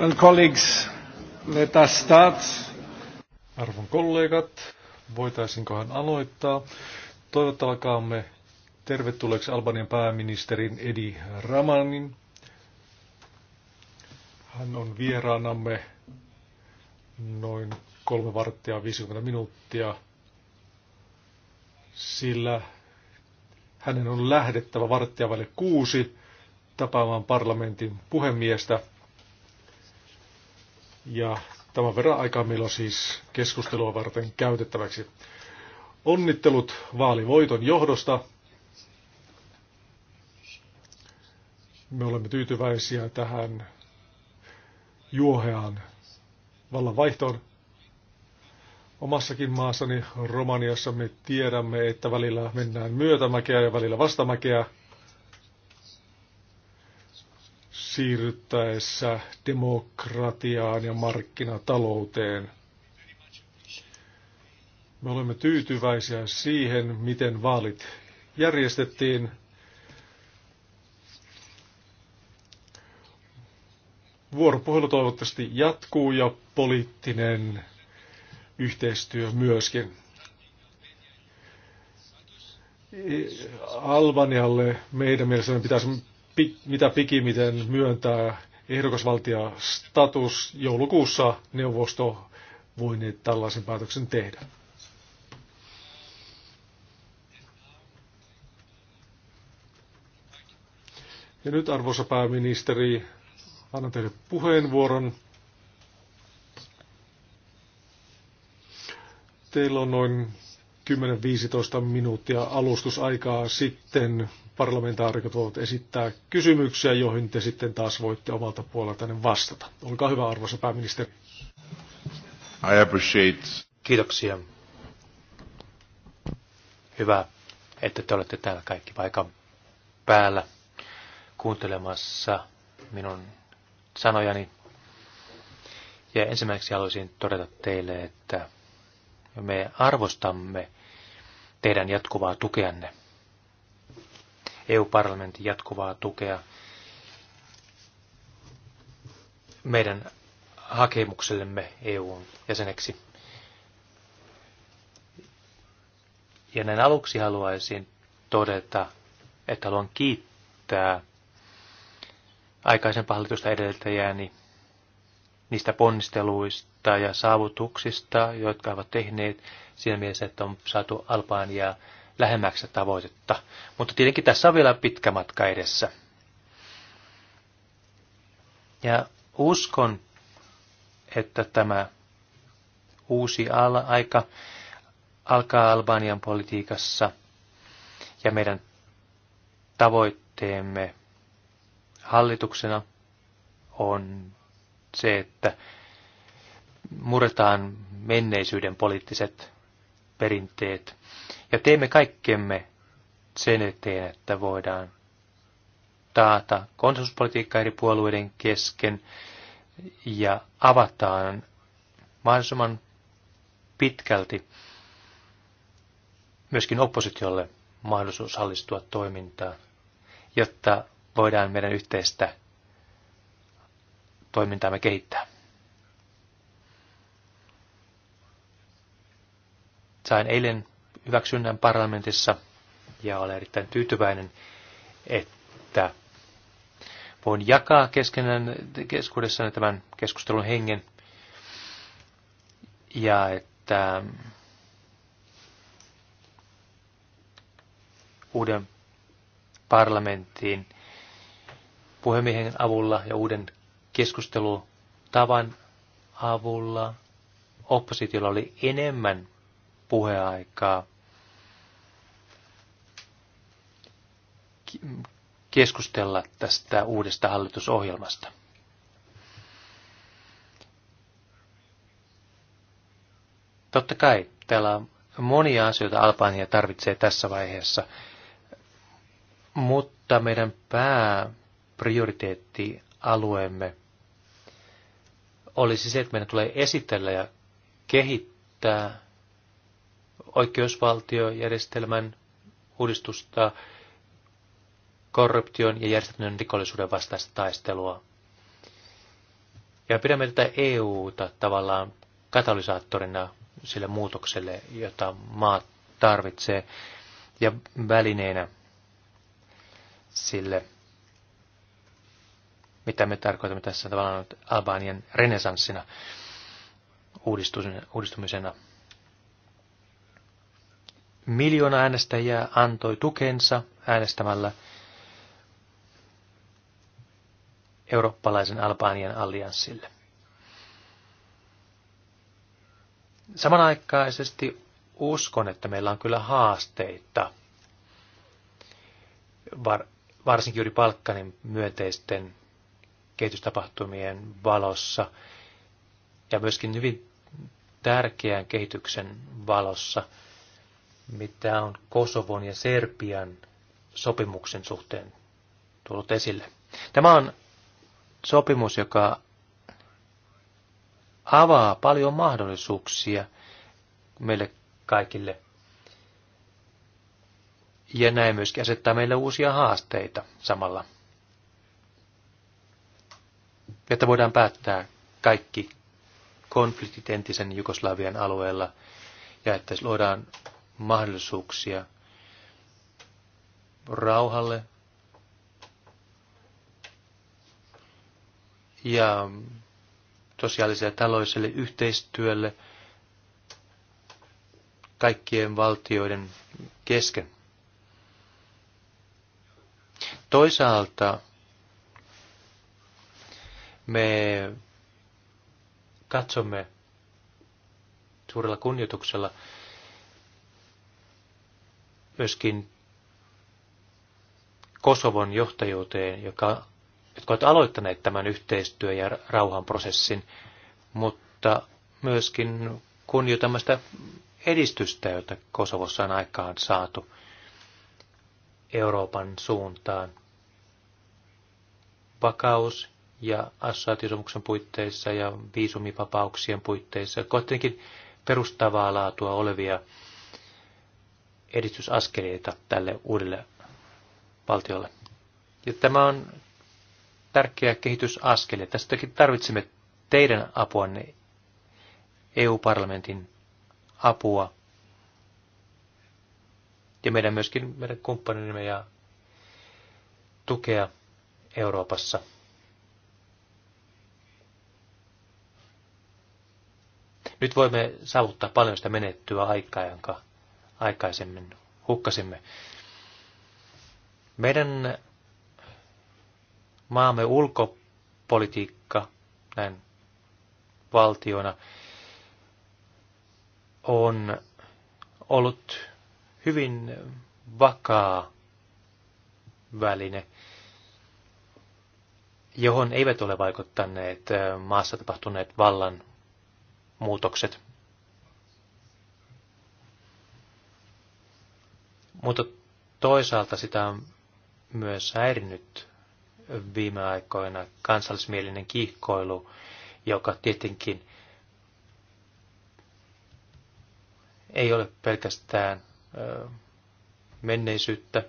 Well, colleagues, let us start. Arvon kollegat, voitaisinkohan aloittaa. Toivottakaamme tervetulleeksi Albanian pääministerin Edi Ramanin. Hän on vieraanamme noin kolme varttia 50 minuuttia, sillä hänen on lähdettävä varttia vaille kuusi tapaamaan parlamentin puhemiestä – ja tämän verran aikaa meillä on siis keskustelua varten käytettäväksi. Onnittelut vaalivoiton johdosta. Me olemme tyytyväisiä tähän juoheaan vallanvaihtoon. vaihtoon. Omassakin maassani Romaniassa me tiedämme, että välillä mennään myötämäkeä ja välillä vastamäkeä. siirryttäessä demokratiaan ja markkinatalouteen. Me olemme tyytyväisiä siihen, miten vaalit järjestettiin. Vuoropuhelu toivottavasti jatkuu ja poliittinen yhteistyö myöskin. Albanialle meidän mielestämme pitäisi mitä pikimiten myöntää ehdokasvaltia status joulukuussa neuvosto voineet tällaisen päätöksen tehdä. Ja nyt arvoisa pääministeri, annan teille puheenvuoron. Teillä on noin 10-15 minuuttia alustusaikaa sitten parlamentaarikot voivat esittää kysymyksiä, joihin te sitten taas voitte omalta puoleltanne vastata. Olkaa hyvä, arvoisa pääministeri. I appreciate. Kiitoksia. Hyvä, että te olette täällä kaikki paikan päällä kuuntelemassa minun sanojani. Ja ensimmäiseksi haluaisin todeta teille, että me arvostamme teidän jatkuvaa tukeanne. EU-parlamentin jatkuvaa tukea meidän hakemuksellemme EUn jäseneksi. Ja näin aluksi haluaisin todeta, että haluan kiittää aikaisempaa hallitusta edeltäjääni niistä ponnisteluista ja saavutuksista, jotka ovat tehneet siinä mielessä, että on saatu Albania lähemmäksi tavoitetta. Mutta tietenkin tässä on vielä pitkä matka edessä. Ja uskon, että tämä uusi aika alkaa Albanian politiikassa ja meidän tavoitteemme hallituksena on se, että murretaan menneisyyden poliittiset perinteet ja teemme kaikkemme sen eteen, että voidaan taata konsensuspolitiikka eri puolueiden kesken ja avataan mahdollisimman pitkälti myöskin oppositiolle mahdollisuus hallistua toimintaan, jotta voidaan meidän yhteistä toimintaamme kehittää. Sain eilen hyväksynnän parlamentissa ja olen erittäin tyytyväinen, että voin jakaa keskenään keskuudessani tämän keskustelun hengen ja että uuden parlamenttiin puhemiehen avulla ja uuden keskustelutavan avulla oppositiolla oli enemmän puheaikaa keskustella tästä uudesta hallitusohjelmasta. Totta kai täällä on monia asioita Albania tarvitsee tässä vaiheessa, mutta meidän pääprioriteetti alueemme olisi se, että meidän tulee esitellä ja kehittää oikeusvaltiojärjestelmän uudistusta, korruption ja järjestetyn rikollisuuden vastaista taistelua. Ja pidämme tätä EUta tavallaan katalysaattorina sille muutokselle, jota maat tarvitsee, ja välineenä sille mitä me tarkoitamme tässä tavallaan Albanian renesanssina uudistumisena. Miljoona äänestäjää antoi tukensa äänestämällä eurooppalaisen Albanian allianssille. Samanaikaisesti uskon, että meillä on kyllä haasteita, varsinkin juuri Balkanin myönteisten kehitystapahtumien valossa ja myöskin hyvin tärkeän kehityksen valossa, mitä on Kosovon ja Serbian sopimuksen suhteen tullut esille. Tämä on sopimus, joka avaa paljon mahdollisuuksia meille kaikille. Ja näin myöskin asettaa meille uusia haasteita samalla että voidaan päättää kaikki konfliktit entisen Jugoslavian alueella ja että luodaan mahdollisuuksia rauhalle ja sosiaaliselle ja taloudelliselle yhteistyölle kaikkien valtioiden kesken. Toisaalta me katsomme suurella kunnioituksella myöskin Kosovon johtajuuteen, joka, jotka ovat aloittaneet tämän yhteistyö- ja rauhanprosessin, mutta myöskin kunnioitamme sitä edistystä, jota Kosovossa on aikaan saatu Euroopan suuntaan. Vakaus ja assoatiosomuksen puitteissa ja viisumivapauksien puitteissa, kuitenkin perustavaa laatua olevia edistysaskeleita tälle uudelle valtiolle. Ja tämä on tärkeä kehitysaskel. Tästäkin tarvitsemme teidän apuanne, EU-parlamentin apua ja meidän myöskin meidän kumppanimme ja tukea Euroopassa. Nyt voimme saavuttaa paljon sitä menettyä aikaa, jonka aikaisemmin hukkasimme. Meidän maamme ulkopolitiikka näin valtiona on ollut hyvin vakaa väline, johon eivät ole vaikuttaneet äh, maassa tapahtuneet vallan muutokset. Mutta toisaalta sitä on myös häirinnyt viime aikoina kansallismielinen kiihkoilu, joka tietenkin ei ole pelkästään menneisyyttä.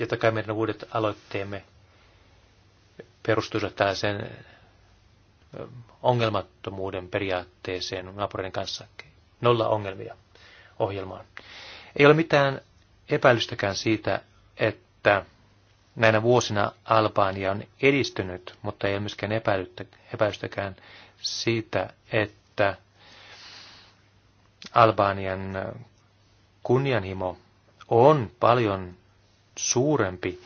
Ja takia meidän uudet aloitteemme perustuisivat tällaiseen ongelmattomuuden periaatteeseen naapureiden kanssa. Nolla ongelmia ohjelmaan. Ei ole mitään epäilystäkään siitä, että näinä vuosina Albania on edistynyt, mutta ei ole myöskään epäilystäkään siitä, että Albanian kunnianhimo on paljon suurempi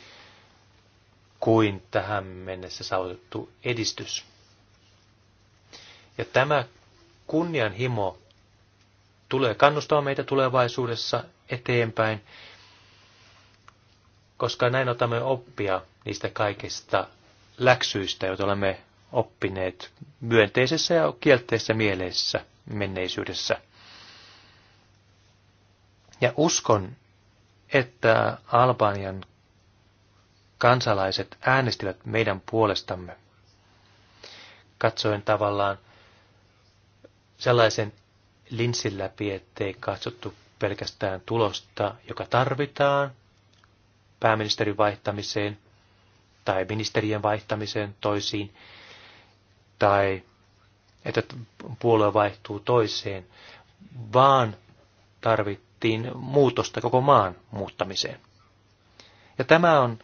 kuin tähän mennessä saavutettu edistys. Ja tämä kunnianhimo tulee kannustaa meitä tulevaisuudessa eteenpäin, koska näin otamme oppia niistä kaikista läksyistä, joita olemme oppineet myönteisessä ja kielteisessä mielessä menneisyydessä. Ja uskon, että Albanian kansalaiset äänestivät meidän puolestamme. Katsoin tavallaan sellaisen linssin läpi, ettei katsottu pelkästään tulosta, joka tarvitaan pääministerin vaihtamiseen tai ministerien vaihtamiseen toisiin, tai että puolue vaihtuu toiseen, vaan tarvittiin muutosta koko maan muuttamiseen. Ja tämä on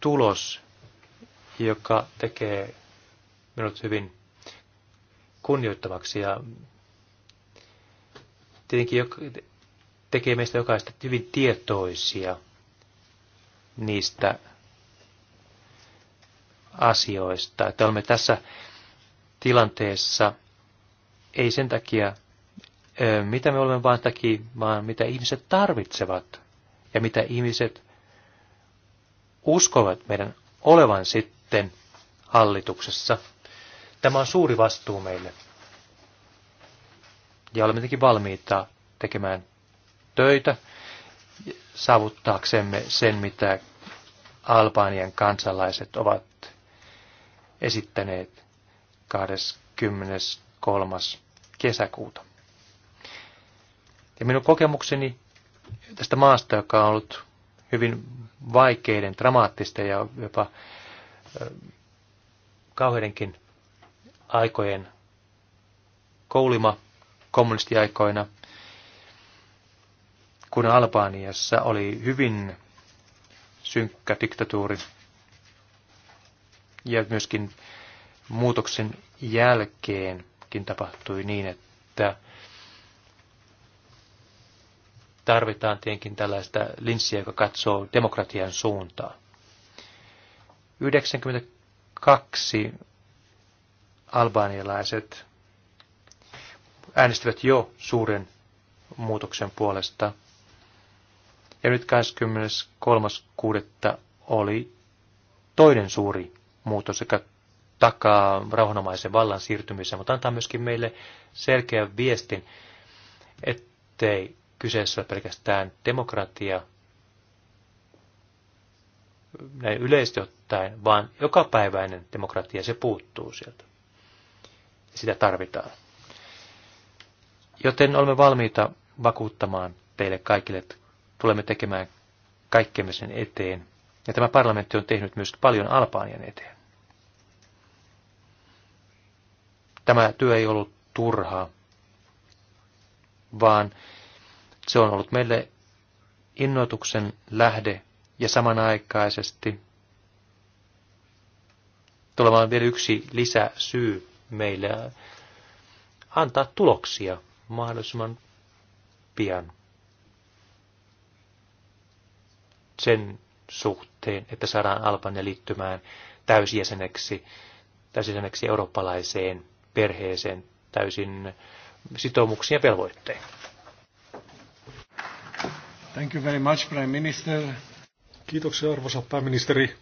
tulos, joka tekee minut hyvin kunnioittavaksi ja tietenkin tekee meistä jokaista hyvin tietoisia niistä asioista. Että olemme tässä tilanteessa ei sen takia, mitä me olemme vaan takia, vaan mitä ihmiset tarvitsevat ja mitä ihmiset uskovat meidän olevan sitten hallituksessa – Tämä on suuri vastuu meille. Ja olemme tietenkin valmiita tekemään töitä saavuttaaksemme sen, mitä Albanian kansalaiset ovat esittäneet 23. kesäkuuta. Ja minun kokemukseni tästä maasta, joka on ollut hyvin vaikeiden, dramaattisten ja jopa kauheidenkin aikojen koulima kommunistiaikoina, kun Albaniassa oli hyvin synkkä diktatuuri ja myöskin muutoksen jälkeenkin tapahtui niin, että tarvitaan tietenkin tällaista linssiä, joka katsoo demokratian suuntaa. 92 albanialaiset äänestivät jo suuren muutoksen puolesta. Ja nyt 23.6. oli toinen suuri muutos, joka takaa rauhanomaisen vallan siirtymisen, mutta antaa myöskin meille selkeän viestin, ettei kyseessä ole pelkästään demokratia näin yleisesti ottaen, vaan jokapäiväinen demokratia, se puuttuu sieltä sitä tarvitaan. Joten olemme valmiita vakuuttamaan teille kaikille, että tulemme tekemään kaikkemme sen eteen. Ja tämä parlamentti on tehnyt myös paljon Albanian eteen. Tämä työ ei ollut turhaa, vaan se on ollut meille innoituksen lähde ja samanaikaisesti tulemaan vielä yksi lisäsyy Meille antaa tuloksia mahdollisimman pian sen suhteen, että saadaan Albania liittymään täysjäseneksi, täysjäseneksi eurooppalaiseen perheeseen täysin sitoumuksia ja velvoitteen. Thank you very much, Prime Minister. Kiitoksia arvoisa pääministeri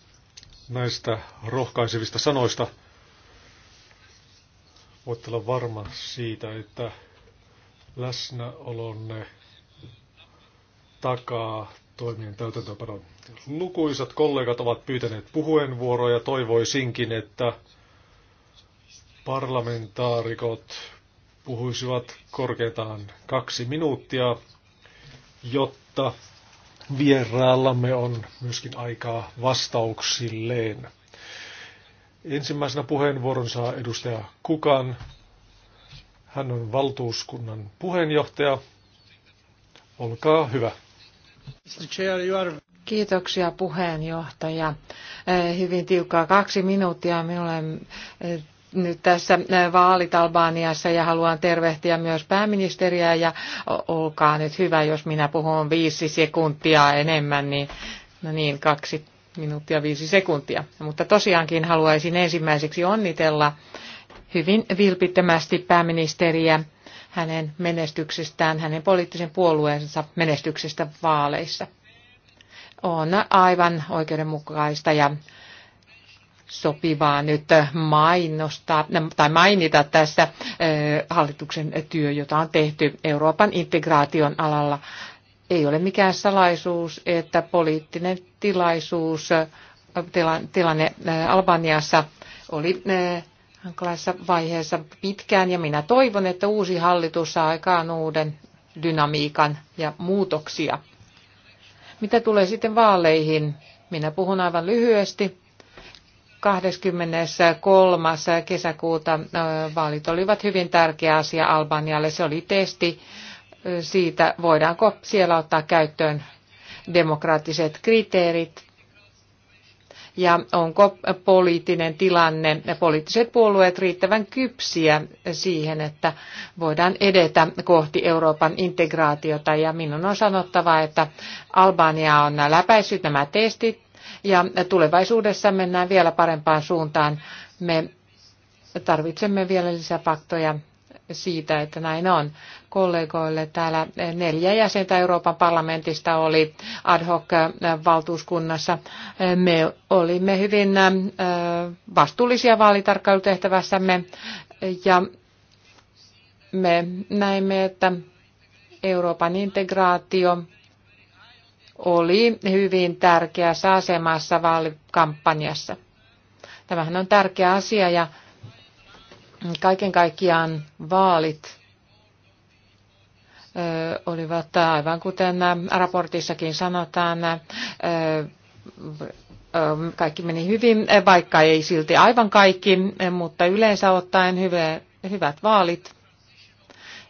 näistä rohkaisevista sanoista. Voitte olla varma siitä, että läsnäolonne takaa toimien täytäntöönpanon. Lukuisat kollegat ovat pyytäneet puheenvuoroja. Toivoisinkin, että parlamentaarikot puhuisivat korkeintaan kaksi minuuttia, jotta vieraallamme on myöskin aikaa vastauksilleen. Ensimmäisenä puheenvuoron saa edustaja Kukan. Hän on valtuuskunnan puheenjohtaja. Olkaa hyvä. Kiitoksia puheenjohtaja. Eh, hyvin tiukkaa kaksi minuuttia. Minulle eh, nyt tässä eh, Albaniassa ja haluan tervehtiä myös pääministeriä ja olkaa nyt hyvä, jos minä puhun viisi sekuntia enemmän, niin no niin, kaksi minuuttia viisi sekuntia. Mutta tosiaankin haluaisin ensimmäiseksi onnitella hyvin vilpittömästi pääministeriä hänen menestyksestään, hänen poliittisen puolueensa menestyksestä vaaleissa. On aivan oikeudenmukaista ja sopivaa nyt mainostaa tai mainita tässä hallituksen työ, jota on tehty Euroopan integraation alalla ei ole mikään salaisuus, että poliittinen tilaisuus, tilanne äh, Albaniassa oli äh, hankalaisessa vaiheessa pitkään ja minä toivon, että uusi hallitus saa aikaan uuden dynamiikan ja muutoksia. Mitä tulee sitten vaaleihin? Minä puhun aivan lyhyesti. 23. kesäkuuta äh, vaalit olivat hyvin tärkeä asia Albanialle. Se oli testi siitä, voidaanko siellä ottaa käyttöön demokraattiset kriteerit ja onko poliittinen tilanne ja poliittiset puolueet riittävän kypsiä siihen, että voidaan edetä kohti Euroopan integraatiota. Ja minun on sanottava, että Albania on läpäissyt nämä testit ja tulevaisuudessa mennään vielä parempaan suuntaan. Me tarvitsemme vielä lisäfaktoja siitä, että näin on kollegoille. Täällä neljä jäsentä Euroopan parlamentista oli ad hoc äh, valtuuskunnassa. Me olimme hyvin äh, vastuullisia vaalitarkkailutehtävässämme ja me näimme, että Euroopan integraatio oli hyvin tärkeässä asemassa vaalikampanjassa. Tämähän on tärkeä asia ja kaiken kaikkiaan vaalit olivat, aivan kuten raportissakin sanotaan, kaikki meni hyvin, vaikka ei silti aivan kaikki, mutta yleensä ottaen hyvät vaalit.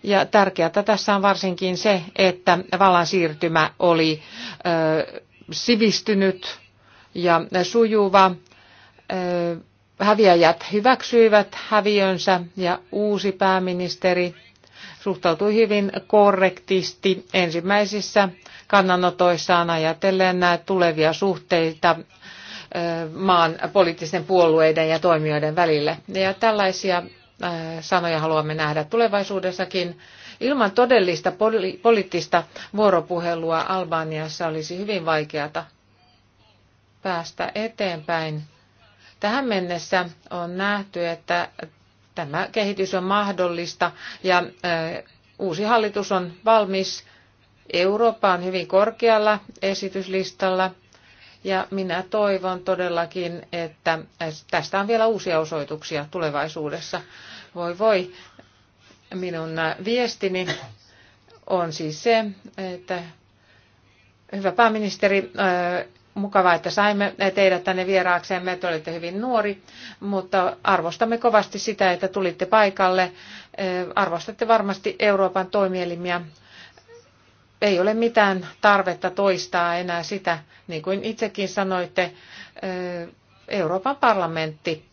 Ja tärkeää tässä on varsinkin se, että vallan siirtymä oli sivistynyt ja sujuva. Häviäjät hyväksyivät häviönsä ja uusi pääministeri suhtautui hyvin korrektisti ensimmäisissä kannanotoissaan ajatellen tulevia suhteita maan poliittisten puolueiden ja toimijoiden välille. Ja tällaisia sanoja haluamme nähdä tulevaisuudessakin. Ilman todellista poli- poliittista vuoropuhelua Albaniassa olisi hyvin vaikeata päästä eteenpäin. Tähän mennessä on nähty, että Tämä kehitys on mahdollista ja uusi hallitus on valmis. Eurooppa on hyvin korkealla esityslistalla ja minä toivon todellakin, että tästä on vielä uusia osoituksia tulevaisuudessa. Voi voi, minun viestini on siis se, että hyvä pääministeri, mukavaa, että saimme teidät tänne vieraaksemme. Te olitte hyvin nuori, mutta arvostamme kovasti sitä, että tulitte paikalle. Eh, arvostatte varmasti Euroopan toimielimiä. Ei ole mitään tarvetta toistaa enää sitä, niin kuin itsekin sanoitte. Eh, Euroopan parlamentti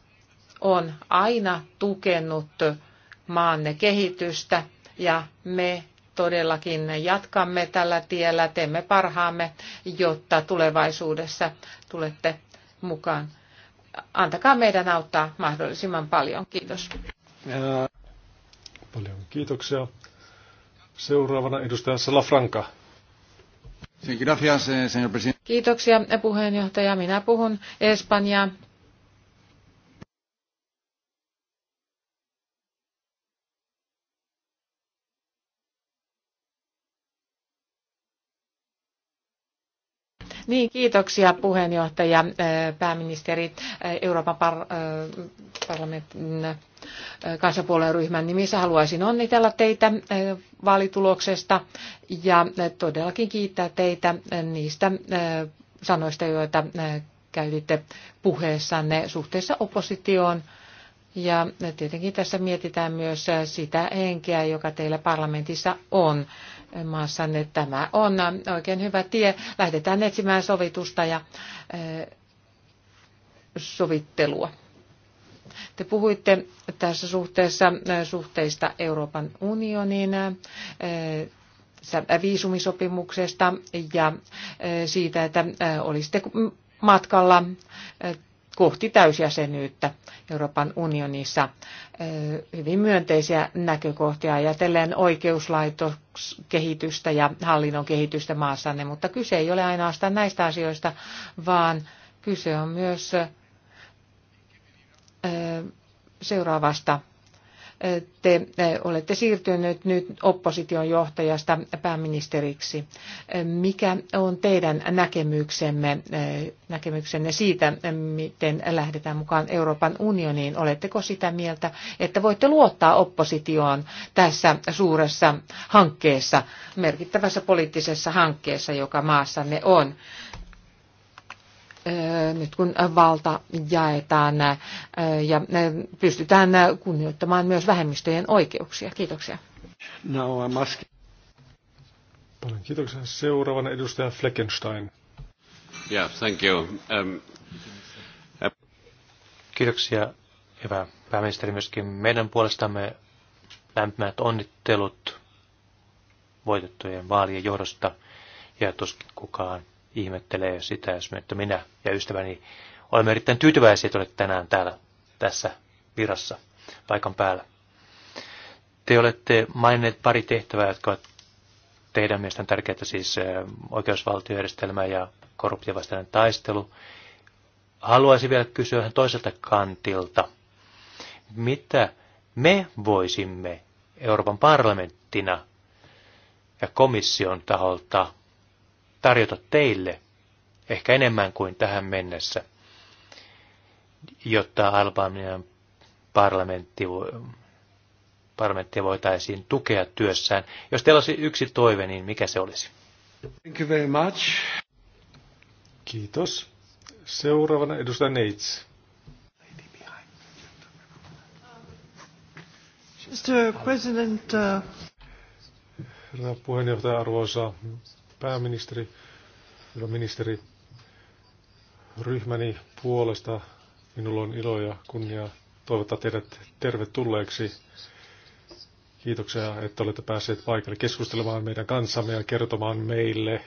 on aina tukenut maanne kehitystä ja me todellakin jatkamme tällä tiellä, teemme parhaamme, jotta tulevaisuudessa tulette mukaan. Antakaa meidän auttaa mahdollisimman paljon. Kiitos. Äh, paljon kiitoksia. Seuraavana edustaja Salafranca. Eh, kiitoksia puheenjohtaja. Minä puhun Espanjaa. Niin, kiitoksia puheenjohtaja, äh, pääministeri äh, Euroopan par- äh, parlamentin ryhmän nimissä haluaisin onnitella teitä vaalituloksesta ja todellakin kiittää teitä niistä sanoista, joita käytitte puheessanne suhteessa oppositioon. Ja tietenkin tässä mietitään myös sitä henkeä, joka teillä parlamentissa on maassanne. Tämä on oikein hyvä tie. Lähdetään etsimään sovitusta ja eh, sovittelua. Te puhuitte tässä suhteessa eh, suhteista Euroopan unioniin, eh, viisumisopimuksesta ja siitä, että olisitte matkalla kohti täysjäsenyyttä Euroopan unionissa hyvin myönteisiä näkökohtia ajatellen oikeuslaitoskehitystä ja hallinnon kehitystä maassanne, mutta kyse ei ole ainoastaan näistä asioista, vaan kyse on myös seuraavasta te eh, olette siirtynyt nyt opposition johtajasta pääministeriksi. Eh, mikä on teidän näkemyksemme, eh, näkemyksenne siitä, miten lähdetään mukaan Euroopan unioniin? Oletteko sitä mieltä, että voitte luottaa oppositioon tässä suuressa hankkeessa, merkittävässä poliittisessa hankkeessa, joka maassanne on? nyt kun valta jaetaan ja pystytään kunnioittamaan myös vähemmistöjen oikeuksia. Kiitoksia. Now Paljon kiitoksia. Seuraavana edustaja Fleckenstein. Yeah, thank you. Um, uh... Kiitoksia, hyvä pääministeri, myöskin meidän puolestamme lämpimät onnittelut voitettujen vaalien johdosta. Ja tuskin kukaan ihmettelee sitä, jos me, että minä ja ystäväni olemme erittäin tyytyväisiä, että olette tänään täällä tässä virassa paikan päällä. Te olette maininneet pari tehtävää, jotka ovat teidän mielestänne tärkeitä, siis oikeusvaltiojärjestelmä ja korruptiovastainen taistelu. Haluaisin vielä kysyä vähän toiselta kantilta. Mitä me voisimme Euroopan parlamenttina ja komission taholta tarjota teille, ehkä enemmän kuin tähän mennessä, jotta Albanian parlamentti, parlamentti voitaisiin tukea työssään. Jos teillä olisi yksi toive, niin mikä se olisi? Thank you very much. Kiitos. Seuraavana edustaja Neits. Mr. President, uh... Herra puheenjohtaja, arvoisa pääministeri, hyvä ministeri, ryhmäni puolesta minulla on ilo ja kunnia toivottaa teidät tervetulleeksi. Kiitoksia, että olette päässeet paikalle keskustelemaan meidän kanssamme ja kertomaan meille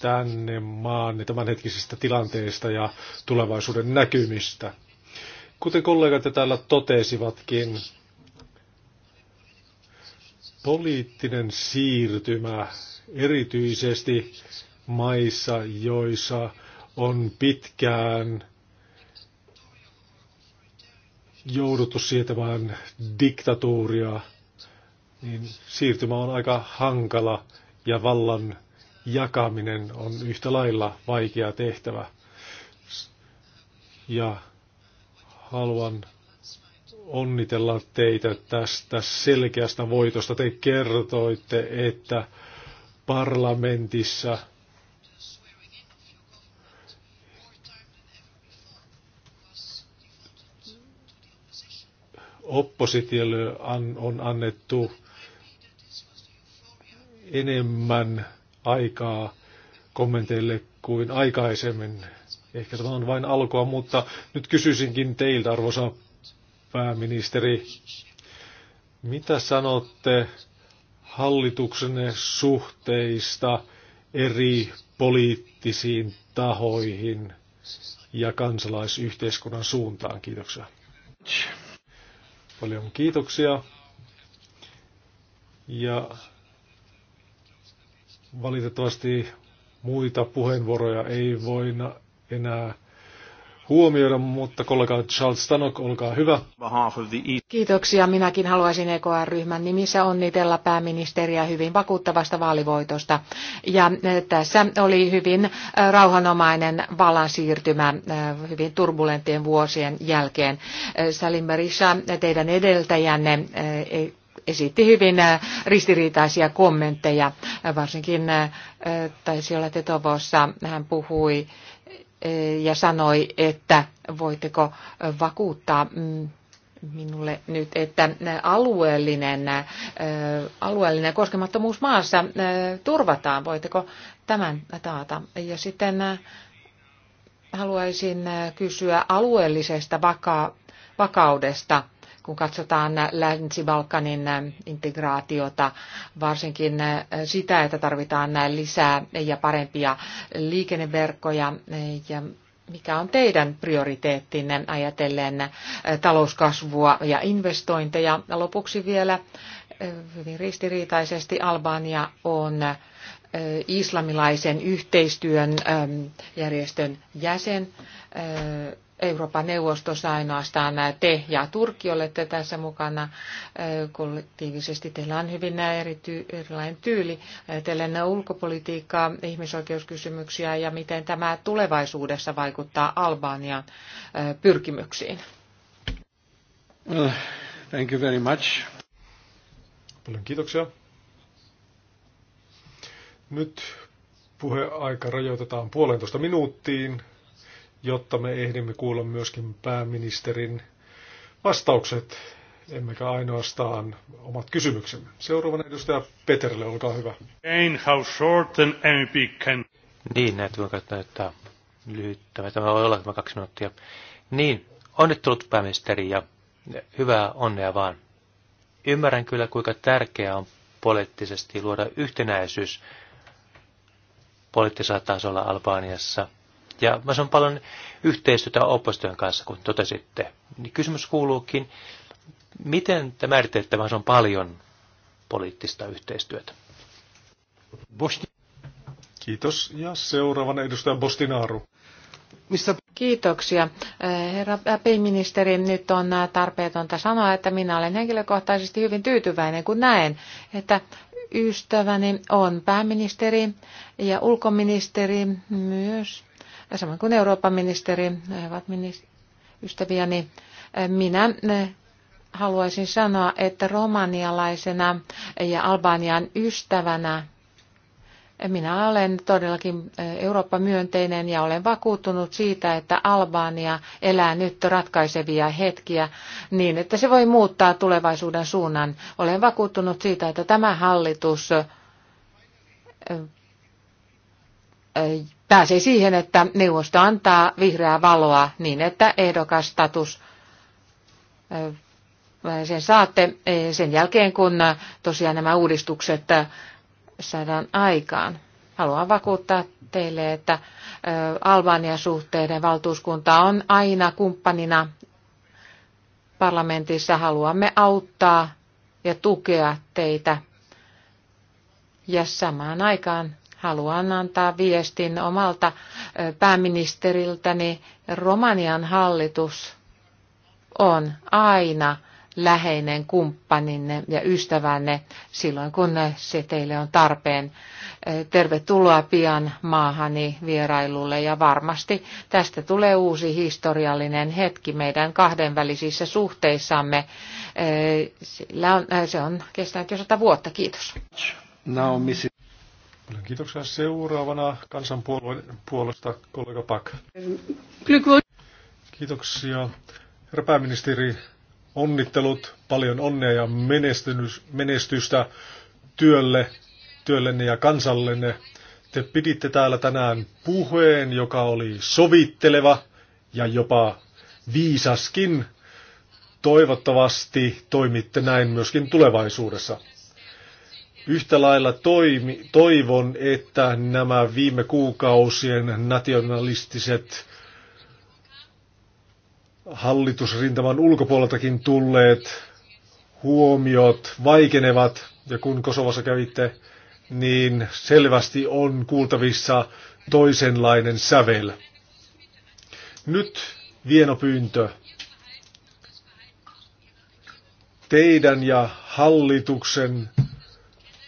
tänne maan tämänhetkisestä tilanteesta ja tulevaisuuden näkymistä. Kuten kollegat jo täällä totesivatkin, poliittinen siirtymä erityisesti maissa, joissa on pitkään jouduttu sietämään diktatuuria, niin siirtymä on aika hankala ja vallan jakaminen on yhtä lailla vaikea tehtävä. Ja haluan onnitella teitä tästä selkeästä voitosta. Te kertoitte, että parlamentissa oppositiolle on annettu enemmän aikaa kommenteille kuin aikaisemmin. Ehkä tämä on vain alkua, mutta nyt kysyisinkin teiltä, arvoisa pääministeri, mitä sanotte hallituksenne suhteista eri poliittisiin tahoihin ja kansalaisyhteiskunnan suuntaan? Kiitoksia. Paljon kiitoksia. Ja valitettavasti muita puheenvuoroja ei voina enää huomioida, mutta kollega Charles Stanok, olkaa hyvä. Kiitoksia. Minäkin haluaisin EKR-ryhmän nimissä onnitella pääministeriä hyvin vakuuttavasta vaalivoitosta. Ja eh, tässä oli hyvin eh, rauhanomainen valan siirtymä eh, hyvin turbulenttien vuosien jälkeen. Salim Berisha, teidän edeltäjänne e- esitti hyvin ristiriitaisia kommentteja, varsinkin taisi olla Tetovossa. Hän puhui ja sanoi, että voitteko vakuuttaa minulle nyt, että alueellinen, alueellinen koskemattomuus maassa turvataan. Voitteko tämän taata? Ja sitten haluaisin kysyä alueellisesta vaka- vakaudesta – kun katsotaan Länsi-Balkanin integraatiota, varsinkin sitä, että tarvitaan lisää ja parempia liikenneverkkoja ja mikä on teidän prioriteettinne ajatellen talouskasvua ja investointeja. Lopuksi vielä hyvin ristiriitaisesti Albania on islamilaisen yhteistyön järjestön jäsen Euroopan neuvostossa ainoastaan te ja Turkki olette tässä mukana kollektiivisesti. Teillä on hyvin erity, erilainen tyyli. Ajatellen ulkopolitiikkaa, ihmisoikeuskysymyksiä ja miten tämä tulevaisuudessa vaikuttaa Albanian pyrkimyksiin. Thank you very much. Paljon kiitoksia. Nyt puheaika rajoitetaan puolentoista minuuttiin jotta me ehdimme kuulla myöskin pääministerin vastaukset, emmekä ainoastaan omat kysymyksemme. Seuraavana edustaja Peterle, olkaa hyvä. Ain how short an MP can... Niin, näitä voi näyttää lyhyttävä. Tämä voi olla tämä kaksi minuuttia. Niin, onnittelut pääministeri ja hyvää onnea vaan. Ymmärrän kyllä, kuinka tärkeää on poliittisesti luoda yhtenäisyys poliittisella tasolla Albaniassa. Ja mä sanon paljon yhteistyötä opposition kanssa, kun totesitte. Niin kysymys kuuluukin, miten te määrittelette, on paljon poliittista yhteistyötä? Bosti. Kiitos. Ja seuraavana edustaja Bostinaaru. Missä? Kiitoksia. Eh, herra pääministeri, nyt on eh, tarpeetonta sanoa, että minä olen henkilökohtaisesti hyvin tyytyväinen, kun näen, että ystäväni on pääministeri ja ulkoministeri myös samoin kuin Euroopan ministeri, ovat ystäviäni. Eh, minä haluaisin sanoa, että romanialaisena ja Albanian ystävänä eh, minä olen todellakin eh, Eurooppa-myönteinen ja olen vakuuttunut siitä, että Albania elää nyt ratkaisevia hetkiä niin, että se voi muuttaa tulevaisuuden suunnan. Olen vakuuttunut siitä, että tämä hallitus pääsee siihen, että neuvosto antaa vihreää valoa niin, että ehdokastatus sen saatte sen jälkeen, kun tosiaan nämä uudistukset saadaan aikaan. Haluan vakuuttaa teille, että Albanian suhteiden valtuuskunta on aina kumppanina parlamentissa. Haluamme auttaa ja tukea teitä. Ja samaan aikaan haluan antaa viestin omalta pääministeriltäni. Romanian hallitus on aina läheinen kumppaninne ja ystävänne silloin, kun se teille on tarpeen. Tervetuloa pian maahani vierailulle ja varmasti tästä tulee uusi historiallinen hetki meidän kahdenvälisissä suhteissamme. Sillä on, se on kestänyt jo sata vuotta. Kiitos. Now, kiitoksia. Seuraavana kansanpuolueen puolesta kollega Pak. Kiitoksia. Herra pääministeri, onnittelut, paljon onnea ja menestystä työlle, työllenne ja kansallenne. Te piditte täällä tänään puheen, joka oli sovitteleva ja jopa viisaskin. Toivottavasti toimitte näin myöskin tulevaisuudessa. Yhtä lailla toimi, toivon, että nämä viime kuukausien nationalistiset hallitusrintaman ulkopuoleltakin tulleet huomiot vaikenevat, ja kun Kosovassa kävitte, niin selvästi on kuultavissa toisenlainen sävel. Nyt vienopyyntö. Teidän ja hallituksen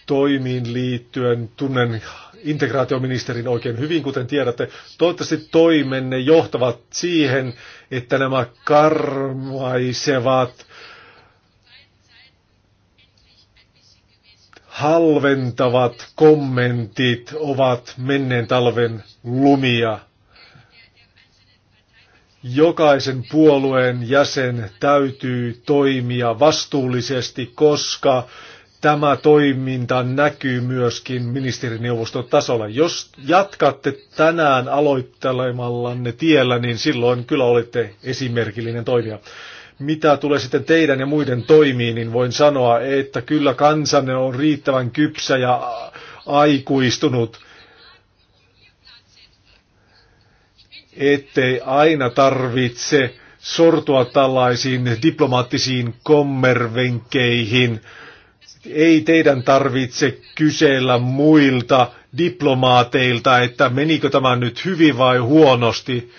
toimiin liittyen tunnen integraatioministerin oikein hyvin, kuten tiedätte. Toivottavasti toimenne johtavat siihen, että nämä karmaisevat halventavat kommentit ovat menneen talven lumia. Jokaisen puolueen jäsen täytyy toimia vastuullisesti, koska tämä toiminta näkyy myöskin ministerineuvoston tasolla. Jos jatkatte tänään aloittelemallanne tiellä, niin silloin kyllä olette esimerkillinen toimija. Mitä tulee sitten teidän ja muiden toimiin, niin voin sanoa, että kyllä kansanne on riittävän kypsä ja aikuistunut, ettei aina tarvitse sortua tällaisiin diplomaattisiin kommervenkeihin ei teidän tarvitse kysellä muilta diplomaateilta, että menikö tämä nyt hyvin vai huonosti.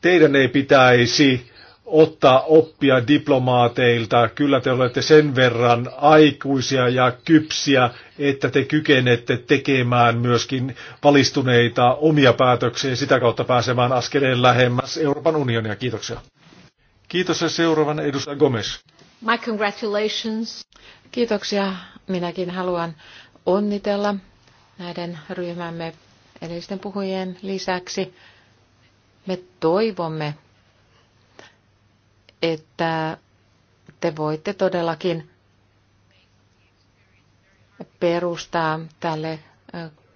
Teidän ei pitäisi ottaa oppia diplomaateilta. Kyllä te olette sen verran aikuisia ja kypsiä, että te kykenette tekemään myöskin valistuneita omia päätöksiä ja sitä kautta pääsemään askeleen lähemmäs Euroopan unionia. Kiitoksia. Kiitos ja seuraavan edustaja Gomes. My congratulations. Kiitoksia. Minäkin haluan onnitella näiden ryhmämme edellisten puhujien lisäksi. Me toivomme, että te voitte todellakin perustaa tälle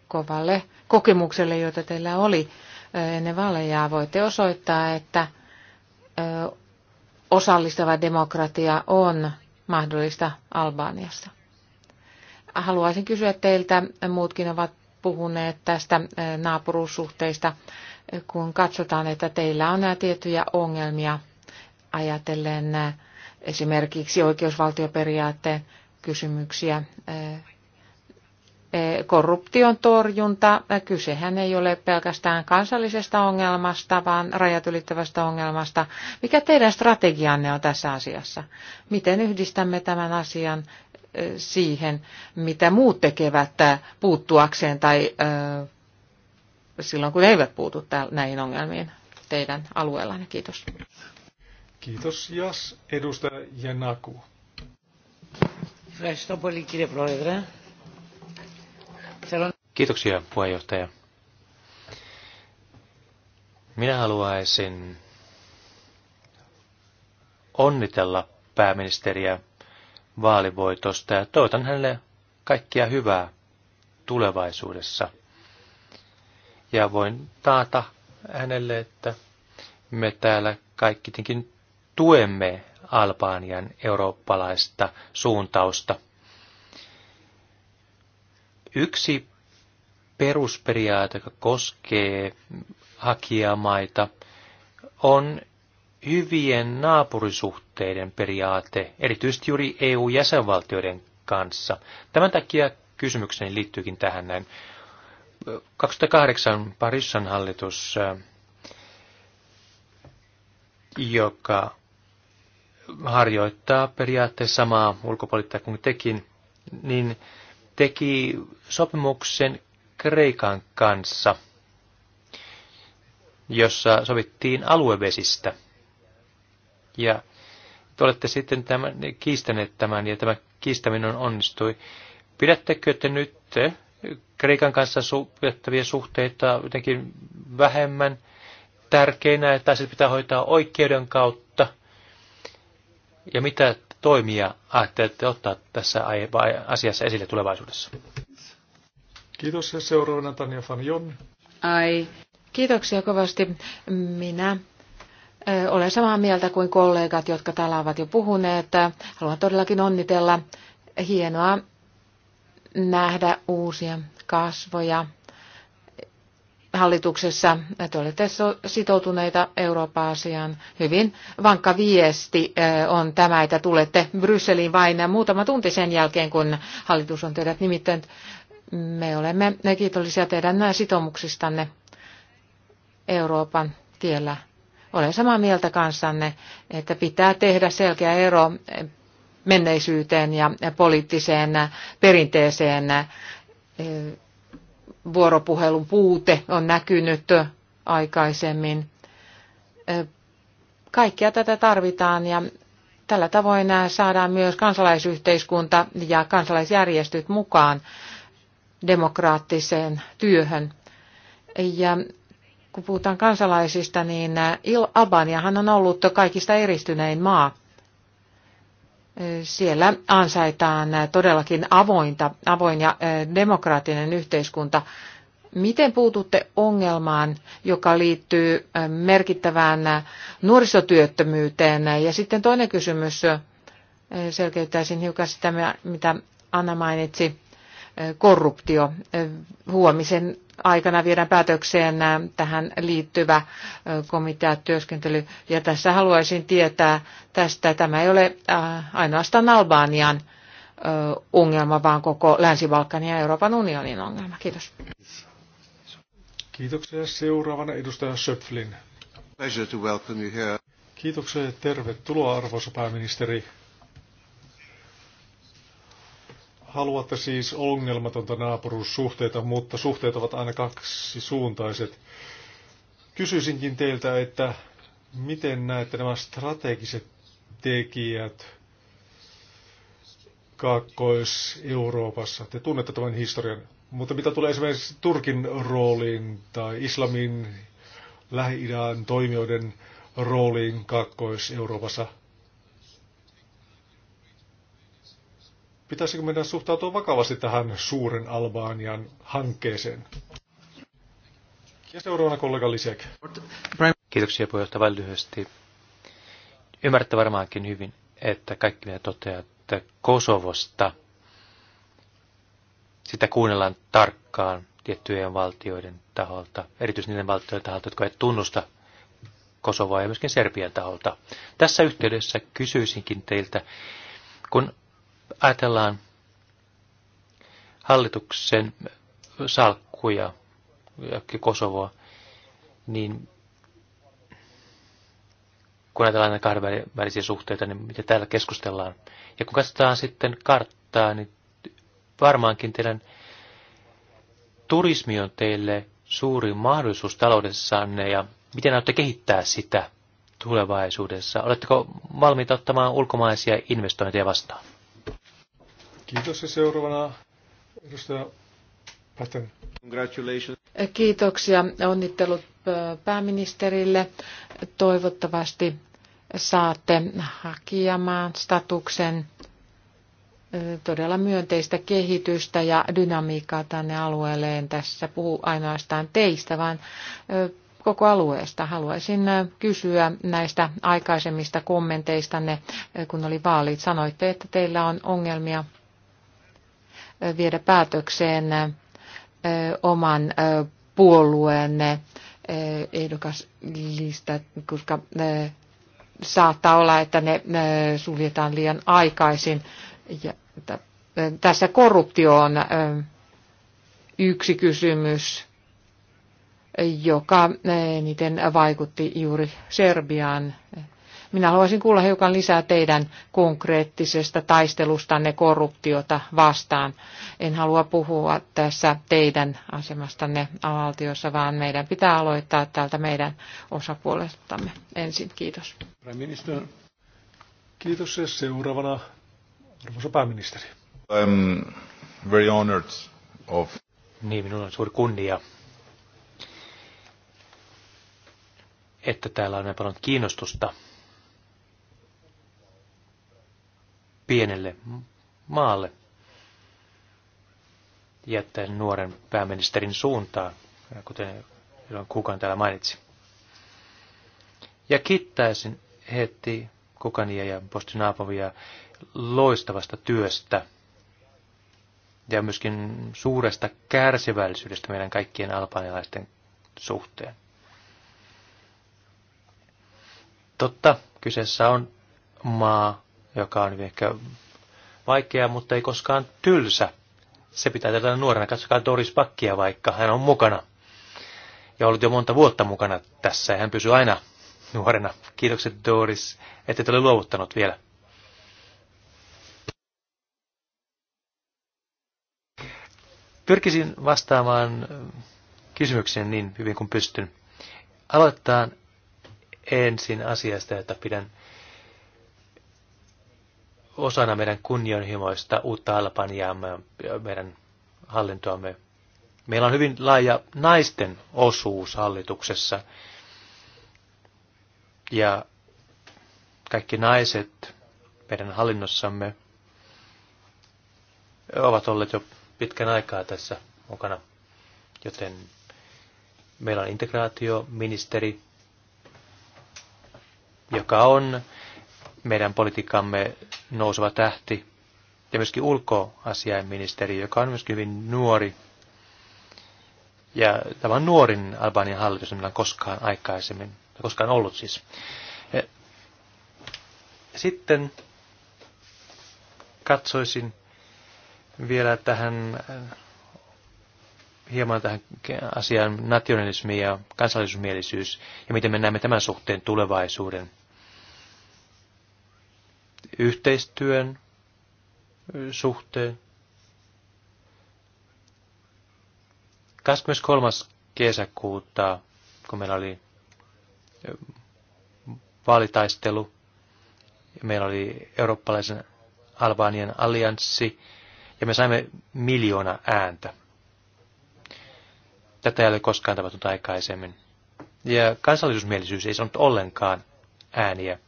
kovalle kokemukselle, jota teillä oli ennen vaaleja. Voitte osoittaa, että osallistava demokratia on mahdollista Albaniassa. Haluaisin kysyä teiltä, muutkin ovat puhuneet tästä eh, naapuruussuhteista, kun katsotaan, että teillä on nämä tiettyjä ongelmia ajatellen eh, esimerkiksi oikeusvaltioperiaatteen kysymyksiä eh, Eh, korruption torjunta. Eh, kysehän ei ole pelkästään kansallisesta ongelmasta, vaan rajat ylittävästä ongelmasta. Mikä teidän strategianne on tässä asiassa? Miten yhdistämme tämän asian eh, siihen, mitä muut tekevät puuttuakseen tai silloin, kun eivät puutu näihin ongelmiin teidän alueellanne? Kiitos. Kiitos, Jas. Edustaja Jenaku. Ευχαριστώ πολύ κύριε Πρόεδρε. Kiitoksia puheenjohtaja. Minä haluaisin onnitella pääministeriä vaalivoitosta ja toivotan hänelle kaikkia hyvää tulevaisuudessa. Ja voin taata hänelle, että me täällä kaikki tuemme Albanian eurooppalaista suuntausta – Yksi perusperiaate, joka koskee hakijamaita, on hyvien naapurisuhteiden periaate, erityisesti juuri EU-jäsenvaltioiden kanssa. Tämän takia kysymykseni liittyykin tähän näin. 2008 Parissan hallitus, äh, joka harjoittaa periaatteessa samaa ulkopolitiikkaa kuin tekin, niin teki sopimuksen Kreikan kanssa, jossa sovittiin aluevesistä. Ja te olette sitten tämän, kiistäneet tämän, ja tämä kiistäminen onnistui. Pidättekö te nyt Kreikan kanssa suhtettavia suhteita jotenkin vähemmän tärkeinä, että se pitää hoitaa oikeuden kautta? Ja mitä toimia ajattelette ottaa tässä asiassa esille tulevaisuudessa? Kiitos ja seuraavana Tanja Fanjon. Ai, kiitoksia kovasti. Minä olen samaa mieltä kuin kollegat, jotka täällä ovat jo puhuneet. Haluan todellakin onnitella. Hienoa nähdä uusia kasvoja hallituksessa te olette sitoutuneita Eurooppa-asiaan. Hyvin vankka viesti eh, on tämä, että tulette Brysseliin vain muutama tunti sen jälkeen, kun hallitus on teidät nimittänyt. Me olemme kiitollisia teidän sitoumuksistanne Euroopan tiellä. Olen samaa mieltä kanssanne, että pitää tehdä selkeä ero menneisyyteen ja poliittiseen perinteeseen eh, vuoropuhelun puute on näkynyt aikaisemmin. Kaikkea tätä tarvitaan ja tällä tavoin saadaan myös kansalaisyhteiskunta ja kansalaisjärjestöt mukaan demokraattiseen työhön. Ja kun puhutaan kansalaisista, niin Albaniahan on ollut kaikista eristynein maa siellä ansaitaan todellakin avointa, avoin ja demokraattinen yhteiskunta. Miten puututte ongelmaan, joka liittyy merkittävään nuorisotyöttömyyteen? Ja sitten toinen kysymys, selkeyttäisin hiukan sitä, mitä Anna mainitsi, korruptio. Huomisen aikana viedään päätökseen tähän liittyvä komiteatyöskentely. Ja tässä haluaisin tietää tästä, tämä ei ole ainoastaan Albanian ongelma, vaan koko Länsi-Balkanin ja Euroopan unionin ongelma. Kiitos. Kiitoksia. Seuraavana edustaja Söpflin. Kiitoksia ja tervetuloa arvoisa pääministeri Haluatte siis ongelmatonta naapuruussuhteita, mutta suhteet ovat aina kaksisuuntaiset. Kysyisinkin teiltä, että miten näette nämä strategiset tekijät Kaakkois-Euroopassa? Te tunnette tämän historian. Mutta mitä tulee esimerkiksi Turkin rooliin tai islamin lähi toimijoiden rooliin Kaakkois-Euroopassa – Pitäisikö meidän suhtautua vakavasti tähän suuren Albanian hankkeeseen? Ja seuraavana kollega Lisek. Kiitoksia puheenjohtaja vain lyhyesti. Ymmärrätte varmaankin hyvin, että kaikki mitä toteaa, että Kosovosta sitä kuunnellaan tarkkaan tiettyjen valtioiden taholta, erityisesti niiden valtioiden taholta, jotka eivät tunnusta Kosovoa ja myöskin Serbian taholta. Tässä yhteydessä kysyisinkin teiltä, kun ajatellaan hallituksen salkkuja ja Kosovoa, niin kun ajatellaan näitä kahdenvälisiä suhteita, niin mitä täällä keskustellaan. Ja kun katsotaan sitten karttaa, niin varmaankin teidän turismi on teille suuri mahdollisuus taloudessanne ja miten olette kehittää sitä tulevaisuudessa? Oletteko valmiita ottamaan ulkomaisia investointeja vastaan? Kiitos ja seuraavana edustaja Patten. Congratulations. Kiitoksia. Onnittelut pääministerille. Toivottavasti saatte hakijamaan statuksen todella myönteistä kehitystä ja dynamiikkaa tänne alueelle. En tässä puhu ainoastaan teistä, vaan koko alueesta. Haluaisin kysyä näistä aikaisemmista kommenteistanne, kun oli vaalit. Sanoitte, että teillä on ongelmia viedä päätökseen oman puolueenne ehdokaslistat, koska saattaa olla, että ne suljetaan liian aikaisin. Ja tässä korruptio on yksi kysymys, joka eniten vaikutti juuri Serbiaan. Minä haluaisin kuulla hiukan lisää teidän konkreettisesta taistelustanne korruptiota vastaan. En halua puhua tässä teidän asemastanne valtiossa, vaan meidän pitää aloittaa täältä meidän osapuolestamme ensin. Kiitos. Minister, Kiitos ja seuraavana arvoisa pääministeri. I'm very honored of... Niin, minulla on suuri kunnia että täällä on näin paljon kiinnostusta pienelle maalle jättäen nuoren pääministerin suuntaan, kuten Elon kukaan täällä mainitsi. Ja kittäisin heti Kukania ja Postinaapovia loistavasta työstä ja myöskin suuresta kärsivällisyydestä meidän kaikkien albanialaisten suhteen. Totta, kyseessä on maa, joka on ehkä vaikea, mutta ei koskaan tylsä. Se pitää tätä nuorena. Katsokaa Doris pakkia vaikka, hän on mukana. Ja ollut jo monta vuotta mukana tässä ja hän pysyy aina nuorena. Kiitokset Doris, että ole luovuttanut vielä. Pyrkisin vastaamaan kysymykseen niin hyvin kuin pystyn. Aloitetaan ensin asiasta, että pidän osana meidän kunnianhimoista uutta Albaniaamme ja meidän hallintoamme. Meillä on hyvin laaja naisten osuus hallituksessa. Ja kaikki naiset meidän hallinnossamme ovat olleet jo pitkän aikaa tässä mukana. Joten meillä on integraatioministeri, joka on meidän politiikkamme nouseva tähti ja myöskin ulkoasiainministeri, joka on myöskin hyvin nuori. Ja tämä on nuorin Albanian hallitus, millä on koskaan aikaisemmin, koskaan ollut siis. Ja sitten katsoisin vielä tähän hieman tähän asiaan nationalismi ja kansallisuusmielisyys ja miten me näemme tämän suhteen tulevaisuuden yhteistyön suhteen. 23. kesäkuuta, kun meillä oli vaalitaistelu, meillä oli eurooppalaisen Albanian allianssi, ja me saimme miljoona ääntä. Tätä ei ole koskaan tapahtunut aikaisemmin. Ja kansallisuusmielisyys ei saanut ollenkaan ääniä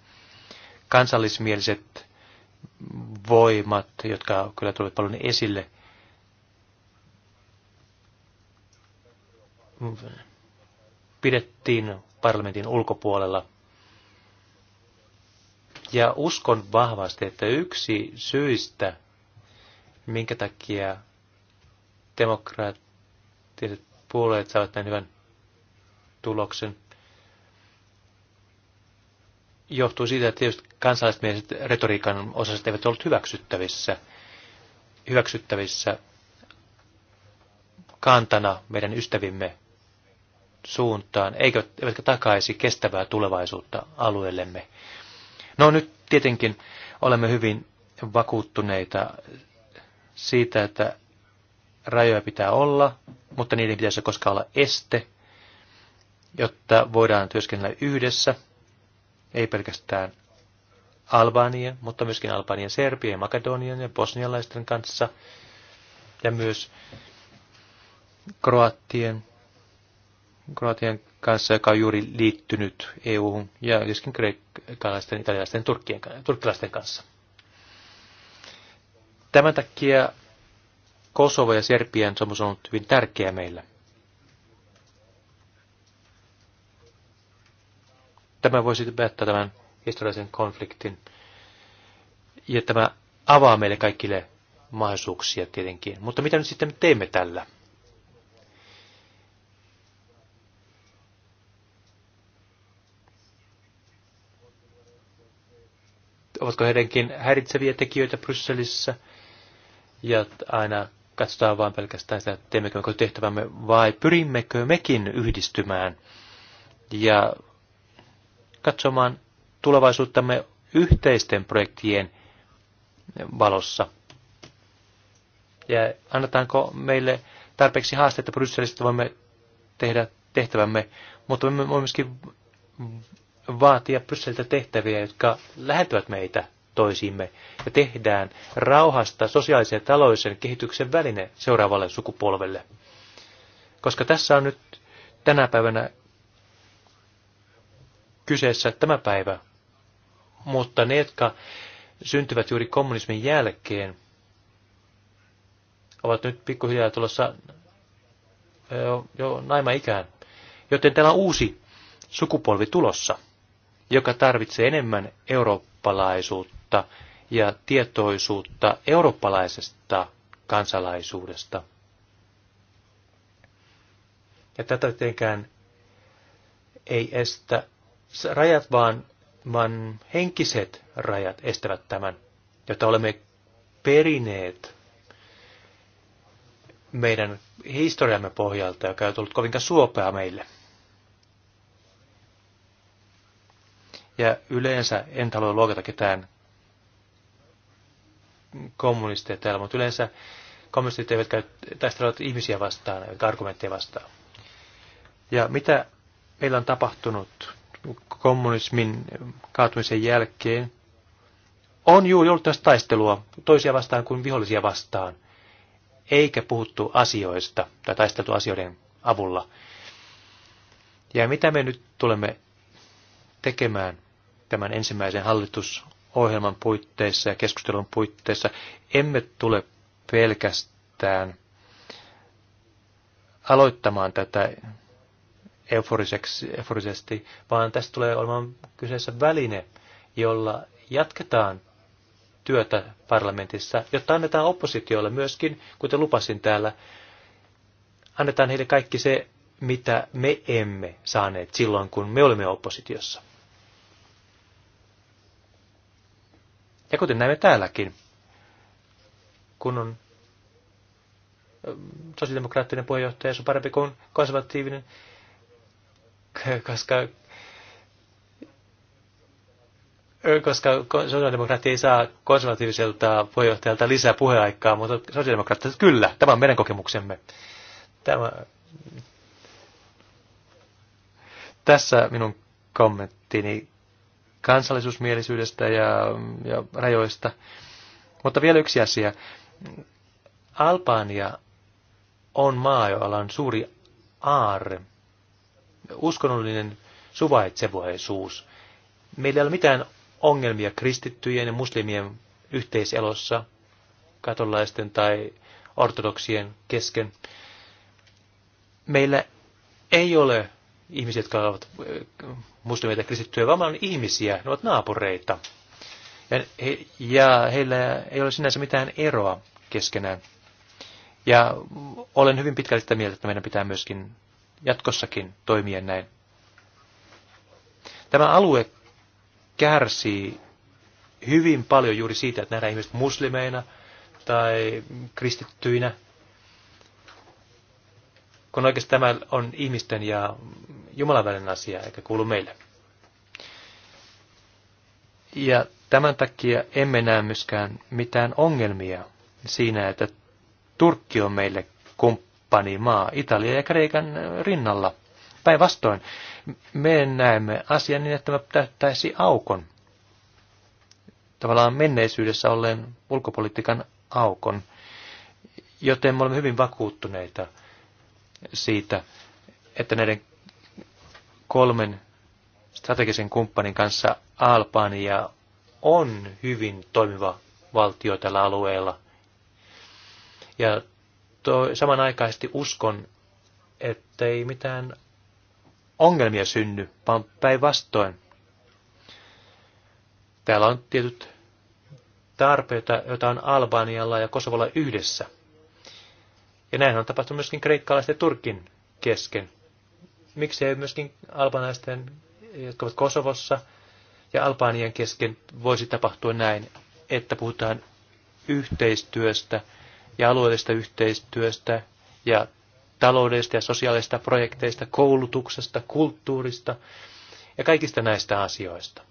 kansallismieliset voimat, jotka kyllä tulevat paljon esille. Pidettiin parlamentin ulkopuolella. Ja uskon vahvasti, että yksi syistä, minkä takia demokraattiset puolueet saavat näin hyvän tuloksen, johtuu siitä, että tietysti kansalaismieliset retoriikan osaset eivät olleet hyväksyttävissä, hyväksyttävissä kantana meidän ystävimme suuntaan, eikö, eivätkä takaisi kestävää tulevaisuutta alueellemme. No nyt tietenkin olemme hyvin vakuuttuneita siitä, että rajoja pitää olla, mutta niiden pitäisi koskaan olla este, jotta voidaan työskennellä yhdessä – ei pelkästään Albania, mutta myöskin Albanian, Serbian, Makedonian ja bosnialaisten kanssa ja myös Kroatien, Kroatian kanssa, joka on juuri liittynyt EU-hun ja myöskin kreikkalaisten, italialaisten turkkien, turkkilaisten kanssa. Tämän takia Kosovo ja Serbian sopimus on ollut hyvin tärkeä meillä. Tämä voi sitten päättää tämän historiallisen konfliktin. Ja tämä avaa meille kaikille mahdollisuuksia tietenkin. Mutta mitä nyt sitten teemme tällä? Ovatko heidänkin häiritseviä tekijöitä Brysselissä? Ja aina katsotaan vain pelkästään sitä, teemmekö me tehtävämme vai pyrimmekö mekin yhdistymään ja katsomaan tulevaisuuttamme yhteisten projektien valossa. Ja annetaanko meille tarpeeksi haasteita Brysselistä, voimme tehdä tehtävämme, mutta me voimme myöskin vaatia Brysseliltä tehtäviä, jotka lähettävät meitä toisiimme ja tehdään rauhasta sosiaalisen ja taloudellisen kehityksen väline seuraavalle sukupolvelle. Koska tässä on nyt tänä päivänä kyseessä tämä päivä. Mutta ne, jotka syntyvät juuri kommunismin jälkeen, ovat nyt pikkuhiljaa tulossa jo, jo naima-ikään. Joten täällä on uusi sukupolvi tulossa, joka tarvitsee enemmän eurooppalaisuutta ja tietoisuutta eurooppalaisesta kansalaisuudesta. Ja tätä tietenkään ei estä rajat, vaan, vaan henkiset rajat estävät tämän, jotta olemme perineet meidän historiamme pohjalta, joka on tullut kovinkaan suopea meille. Ja yleensä, en halua luokata ketään kommunisteja täällä, mutta yleensä kommunistit eivät käy, taistelevat ihmisiä vastaan, eivätkä argumentteja vastaan. Ja mitä meillä on tapahtunut kommunismin kaatumisen jälkeen on juuri ollut tästä taistelua toisia vastaan kuin vihollisia vastaan, eikä puhuttu asioista tai taisteltu asioiden avulla. Ja mitä me nyt tulemme tekemään tämän ensimmäisen hallitusohjelman puitteissa ja keskustelun puitteissa, emme tule pelkästään aloittamaan tätä euforisesti, vaan tästä tulee olemaan kyseessä väline, jolla jatketaan työtä parlamentissa, jotta annetaan oppositiolle myöskin, kuten lupasin täällä, annetaan heille kaikki se, mitä me emme saaneet silloin, kun me olimme oppositiossa. Ja kuten näemme täälläkin, kun on sosiaalidemokraattinen puheenjohtaja, se on parempi kuin konservatiivinen koska koska sosiaalidemokraatti ei saa konservatiiviselta puheenjohtajalta lisää puheaikaa, mutta sosiaalidemokraattiset kyllä, tämä on meidän kokemuksemme. Tämä... Tässä minun kommenttini kansallisuusmielisyydestä ja, ja rajoista. Mutta vielä yksi asia. Albania on maa, jolla on suuri aarre uskonnollinen suvaitsevaisuus. Meillä ei ole mitään ongelmia kristittyjen ja muslimien yhteiselossa, katolaisten tai ortodoksien kesken. Meillä ei ole ihmisiä, jotka ovat äh, muslimeita kristittyjä, vaan on ihmisiä, ne ovat naapureita. Ja, he, ja heillä ei ole sinänsä mitään eroa keskenään. Ja olen hyvin pitkälti sitä mieltä, että meidän pitää myöskin jatkossakin toimia näin. Tämä alue kärsii hyvin paljon juuri siitä, että nähdään ihmiset muslimeina tai kristittyinä, kun oikeastaan tämä on ihmisten ja Jumalan välinen asia, eikä kuulu meille. Ja tämän takia emme näe myöskään mitään ongelmia siinä, että Turkki on meille kumppani kumppanimaa Italia ja Kreikan rinnalla. Päinvastoin, me näemme asian niin, että me täyttäisi aukon, tavallaan menneisyydessä olleen ulkopolitiikan aukon, joten me olemme hyvin vakuuttuneita siitä, että näiden kolmen strategisen kumppanin kanssa Albania on hyvin toimiva valtio tällä alueella. Ja to, samanaikaisesti uskon, ettei mitään ongelmia synny, vaan päinvastoin. Täällä on tietyt tarpeita, joita on Albanialla ja Kosovolla yhdessä. Ja näin on tapahtunut myöskin kreikkalaisten ja Turkin kesken. Miksi ei myöskin albanaisten, jotka ovat Kosovossa ja Albanian kesken, voisi tapahtua näin, että puhutaan yhteistyöstä – ja alueellisesta yhteistyöstä ja taloudellisista ja sosiaalisista projekteista, koulutuksesta, kulttuurista ja kaikista näistä asioista,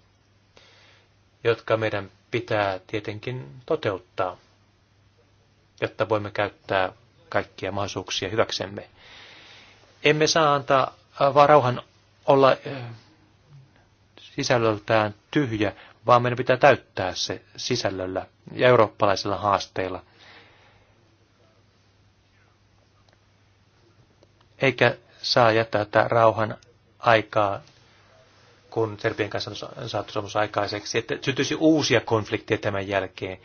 jotka meidän pitää tietenkin toteuttaa, jotta voimme käyttää kaikkia mahdollisuuksia hyväksemme. Emme saa antaa äh, vaan rauhan olla äh, sisällöltään tyhjä, vaan meidän pitää täyttää se sisällöllä ja eurooppalaisilla haasteilla, eikä saa jättää tätä rauhan aikaa, kun Serbian kanssa on saatu sopimus aikaiseksi, että syntyisi uusia konflikteja tämän jälkeen,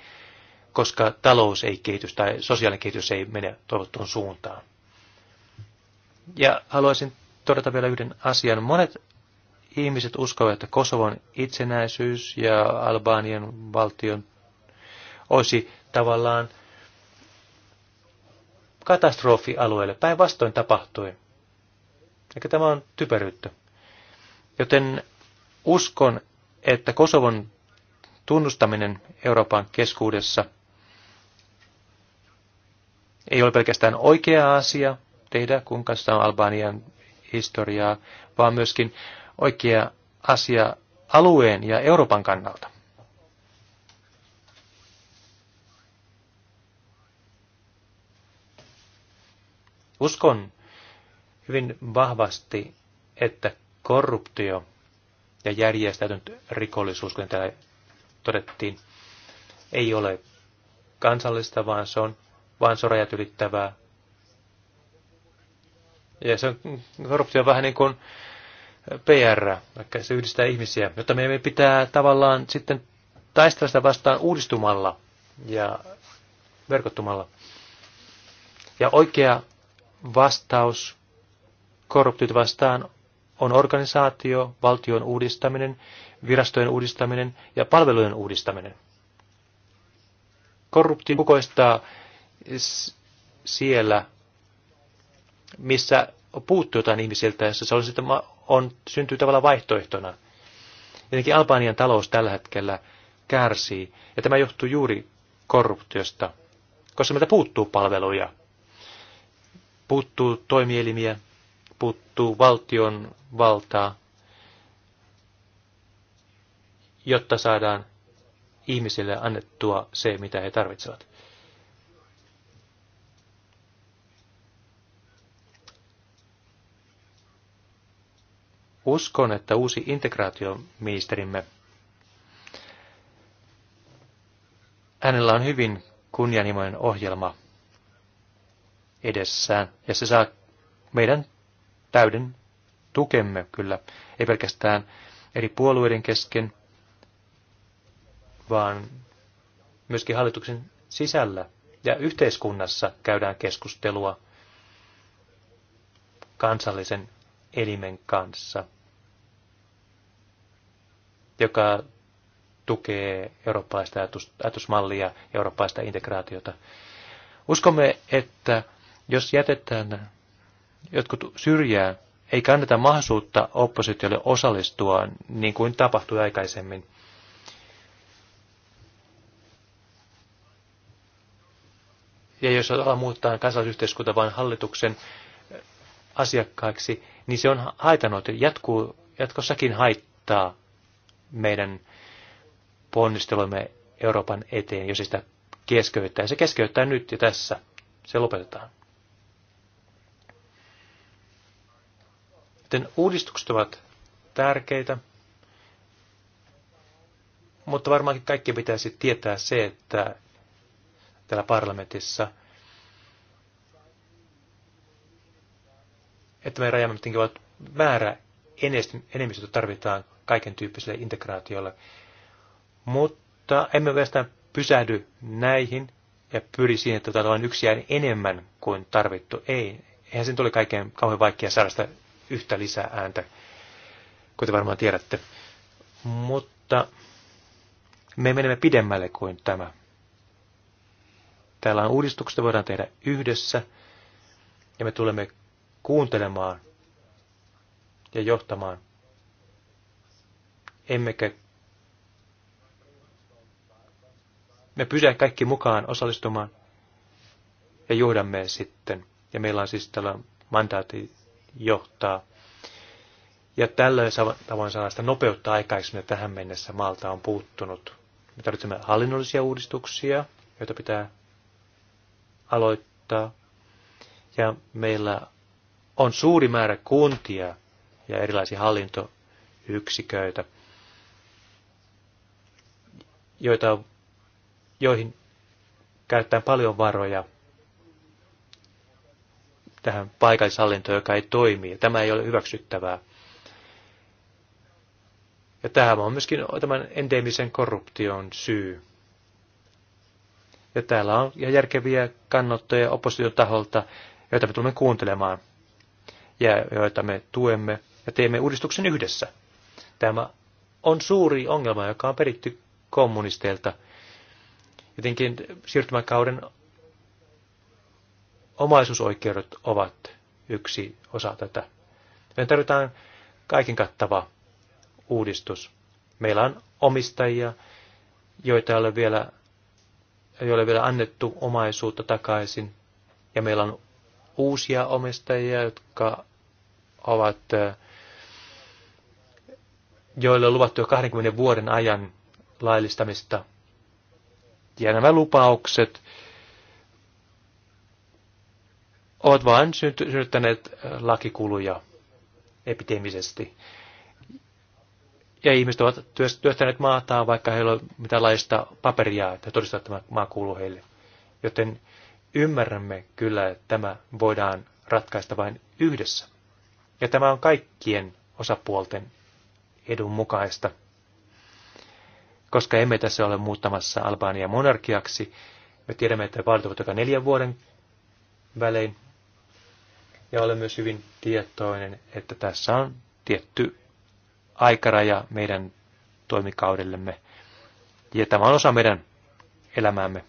koska talous ei kehitys tai sosiaalinen kehitys ei mene toivottuun suuntaan. Ja haluaisin todeta vielä yhden asian. Monet ihmiset uskovat, että Kosovon itsenäisyys ja Albanian valtion olisi tavallaan katastrofialueelle. Päinvastoin tapahtui. Eikä tämä on typeryyttä. Joten uskon, että Kosovon tunnustaminen Euroopan keskuudessa ei ole pelkästään oikea asia tehdä, kun on Albanian historiaa, vaan myöskin oikea asia alueen ja Euroopan kannalta. Uskon hyvin vahvasti, että korruptio ja järjestäytynyt rikollisuus, kuten täällä todettiin, ei ole kansallista, vaan se on, vaan sorajat ylittävää. Ja se on, korruptio on vähän niin kuin PR, vaikka se yhdistää ihmisiä, jotta meidän pitää tavallaan sitten taistella sitä vastaan uudistumalla ja verkottumalla. Ja oikea vastaus korruptiota vastaan on organisaatio, valtion uudistaminen, virastojen uudistaminen ja palvelujen uudistaminen. Korruptio kukoistaa siellä, missä puuttuu jotain ihmisiltä, jossa se on, sitten, on, syntyy tavallaan vaihtoehtona. Jotenkin Albanian talous tällä hetkellä kärsii, ja tämä johtuu juuri korruptiosta, koska meiltä puuttuu palveluja puuttuu toimielimiä, puuttuu valtion valtaa, jotta saadaan ihmisille annettua se, mitä he tarvitsevat. Uskon, että uusi integraatioministerimme, hänellä on hyvin kunnianhimoinen ohjelma – edessään. Ja se saa meidän täyden tukemme kyllä, ei pelkästään eri puolueiden kesken, vaan myöskin hallituksen sisällä ja yhteiskunnassa käydään keskustelua kansallisen elimen kanssa, joka tukee eurooppalaista ajatusmallia ja eurooppalaista integraatiota. Uskomme, että jos jätetään jotkut syrjää, ei kanneta mahdollisuutta oppositiolle osallistua niin kuin tapahtui aikaisemmin. Ja jos ala muuttaa kansalaisyhteiskunta vain hallituksen asiakkaiksi, niin se on haitanut ja jatkuu, jatkossakin haittaa meidän ponnistelumme Euroopan eteen, jos sitä keskeyttää. Ja se keskeyttää nyt ja tässä. Se lopetetaan. Joten uudistukset ovat tärkeitä, mutta varmaankin kaikki pitäisi tietää se, että täällä parlamentissa, että meidän rajamme ovat määrä enemmistöä tarvitaan kaiken tyyppiselle integraatiolle. Mutta emme oikeastaan pysähdy näihin ja pyri siihen, että on yksi jäi enemmän kuin tarvittu. Ei, eihän sen tuli kaiken kauhean vaikea saada sitä yhtä lisää ääntä, kuten varmaan tiedätte. Mutta me menemme pidemmälle kuin tämä. Täällä on uudistukset, voidaan tehdä yhdessä, ja me tulemme kuuntelemaan ja johtamaan. Emmekä me pysyä kaikki mukaan osallistumaan ja johdamme sitten. Ja meillä on siis tällä mandaatti johtaa. Ja tällöin tavoin sanasta nopeutta aikaisemmin, mitä tähän mennessä maalta on puuttunut. Me tarvitsemme hallinnollisia uudistuksia, joita pitää aloittaa. Ja meillä on suuri määrä kuntia ja erilaisia hallintoyksiköitä, joita, joihin käytetään paljon varoja – tähän paikallishallintoon, joka ei toimi. Tämä ei ole hyväksyttävää. Ja tämä on myöskin tämän endemisen korruption syy. Ja täällä on ja järkeviä kannattoja taholta, joita me tulemme kuuntelemaan ja joita me tuemme ja teemme uudistuksen yhdessä. Tämä on suuri ongelma, joka on peritty kommunisteilta. Jotenkin siirtymäkauden Omaisuusoikeudet ovat yksi osa tätä. Me tarvitaan kaiken kattava uudistus. Meillä on omistajia, joita ei ole vielä, ei ole vielä annettu omaisuutta takaisin. Ja meillä on uusia omistajia, jotka ovat, eh, joille on luvattu jo 20 vuoden ajan laillistamista. Ja nämä lupaukset ovat vain synnyttäneet äh, lakikuluja epidemisesti. Ja ihmiset ovat työstäneet maataan, vaikka heillä on mitään laista paperia, että todistaa, että tämä maa kuuluu heille. Joten ymmärrämme kyllä, että tämä voidaan ratkaista vain yhdessä. Ja tämä on kaikkien osapuolten edun mukaista. Koska emme tässä ole muuttamassa Albania monarkiaksi, me tiedämme, että vaalit ovat joka neljän vuoden välein, ja olen myös hyvin tietoinen, että tässä on tietty aikaraja meidän toimikaudellemme. Ja tämä on osa meidän elämäämme.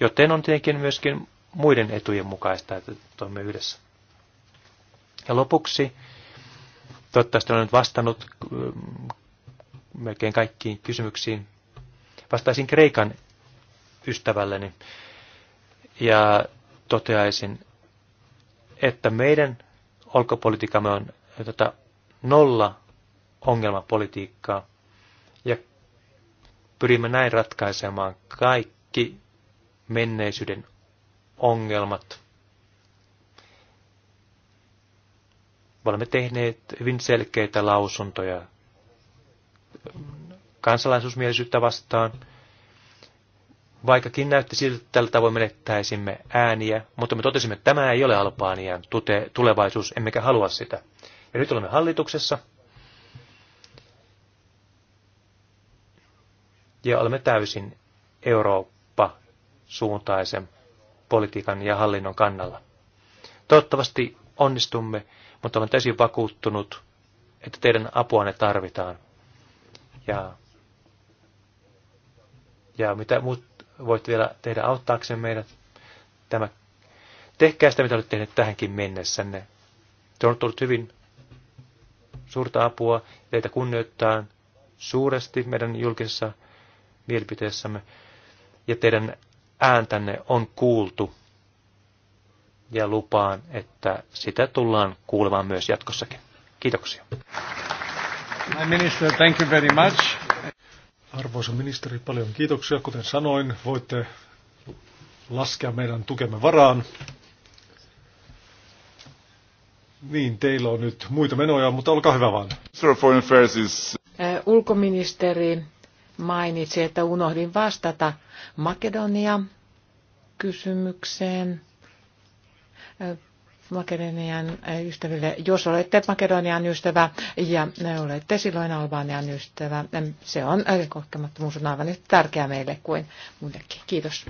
Joten on tietenkin myöskin muiden etujen mukaista, että toimimme yhdessä. Ja lopuksi, toivottavasti olen nyt vastannut mm, melkein kaikkiin kysymyksiin, vastaisin Kreikan ystävälleni ja toteaisin, että meidän ulkopolitiikamme on tota, nolla ongelmapolitiikkaa ja pyrimme näin ratkaisemaan kaikki menneisyyden ongelmat. Me olemme tehneet hyvin selkeitä lausuntoja kansalaisuusmielisyyttä vastaan, Vaikkakin näytti siltä, että tällä tavoin menettäisimme ääniä, mutta me totesimme, että tämä ei ole Albanian tute, tulevaisuus, emmekä halua sitä. Ja nyt olemme hallituksessa. Ja olemme täysin Eurooppa-suuntaisen politiikan ja hallinnon kannalla. Toivottavasti onnistumme, mutta olen täysin vakuuttunut, että teidän apuanne tarvitaan. Ja, ja mitä muut voit vielä tehdä auttaakseen meidät. Tämä, tehkää sitä, mitä olet tehnyt tähänkin mennessänne. Se on tullut hyvin suurta apua, teitä kunnioittaa suuresti meidän julkisessa mielipiteessämme, ja teidän ääntänne on kuultu, ja lupaan, että sitä tullaan kuulemaan myös jatkossakin. Kiitoksia. My minister, thank you very much. Arvoisa ministeri, paljon kiitoksia. Kuten sanoin, voitte laskea meidän tukemme varaan. Niin, teillä on nyt muita menoja, mutta olkaa hyvä vaan. Ulkoministeri mainitsi, että unohdin vastata Makedonia kysymykseen. Makedonian eh, ystäville. Jos olette Makedonian ystävä ja eh, olette silloin Albanian ystävä, eh, se on koskemattomuus on aivan yhtä tärkeää meille kuin muillekin. Kiitos.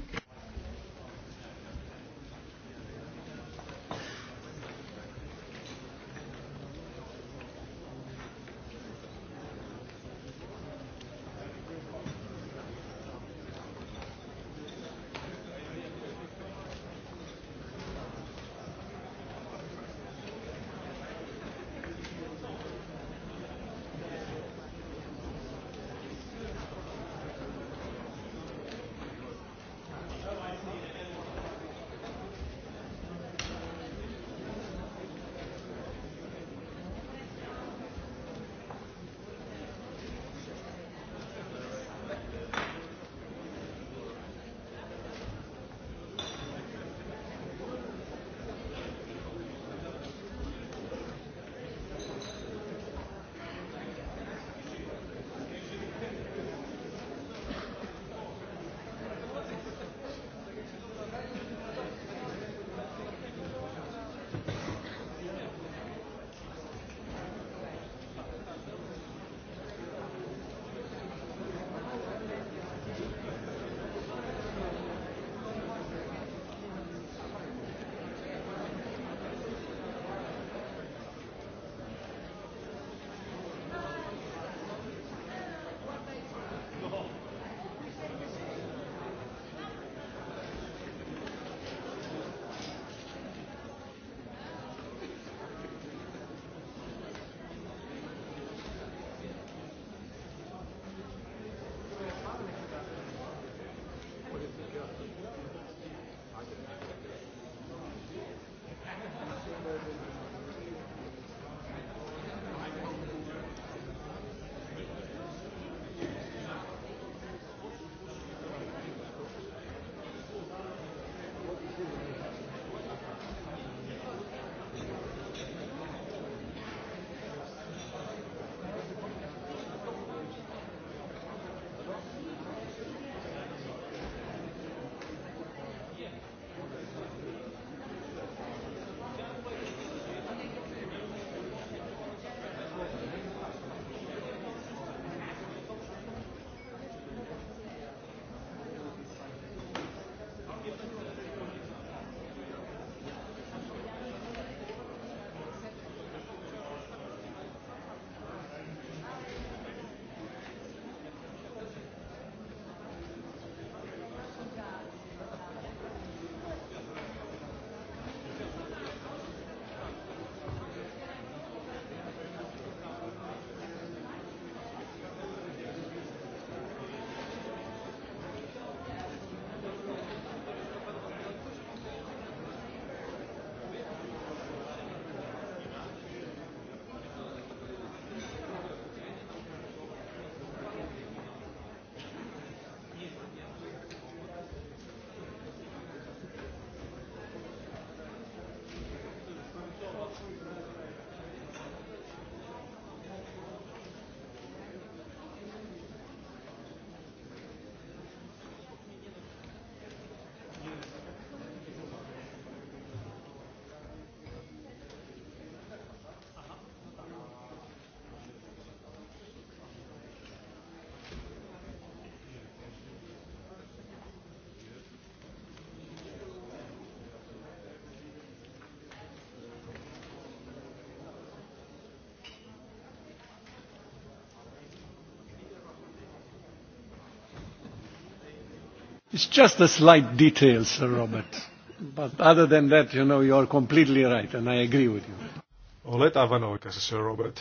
It's just a slight detail, Sir Robert. But other than that, you know, you are completely right, and I agree with you. Olet aivan oikeassa, Sir Robert.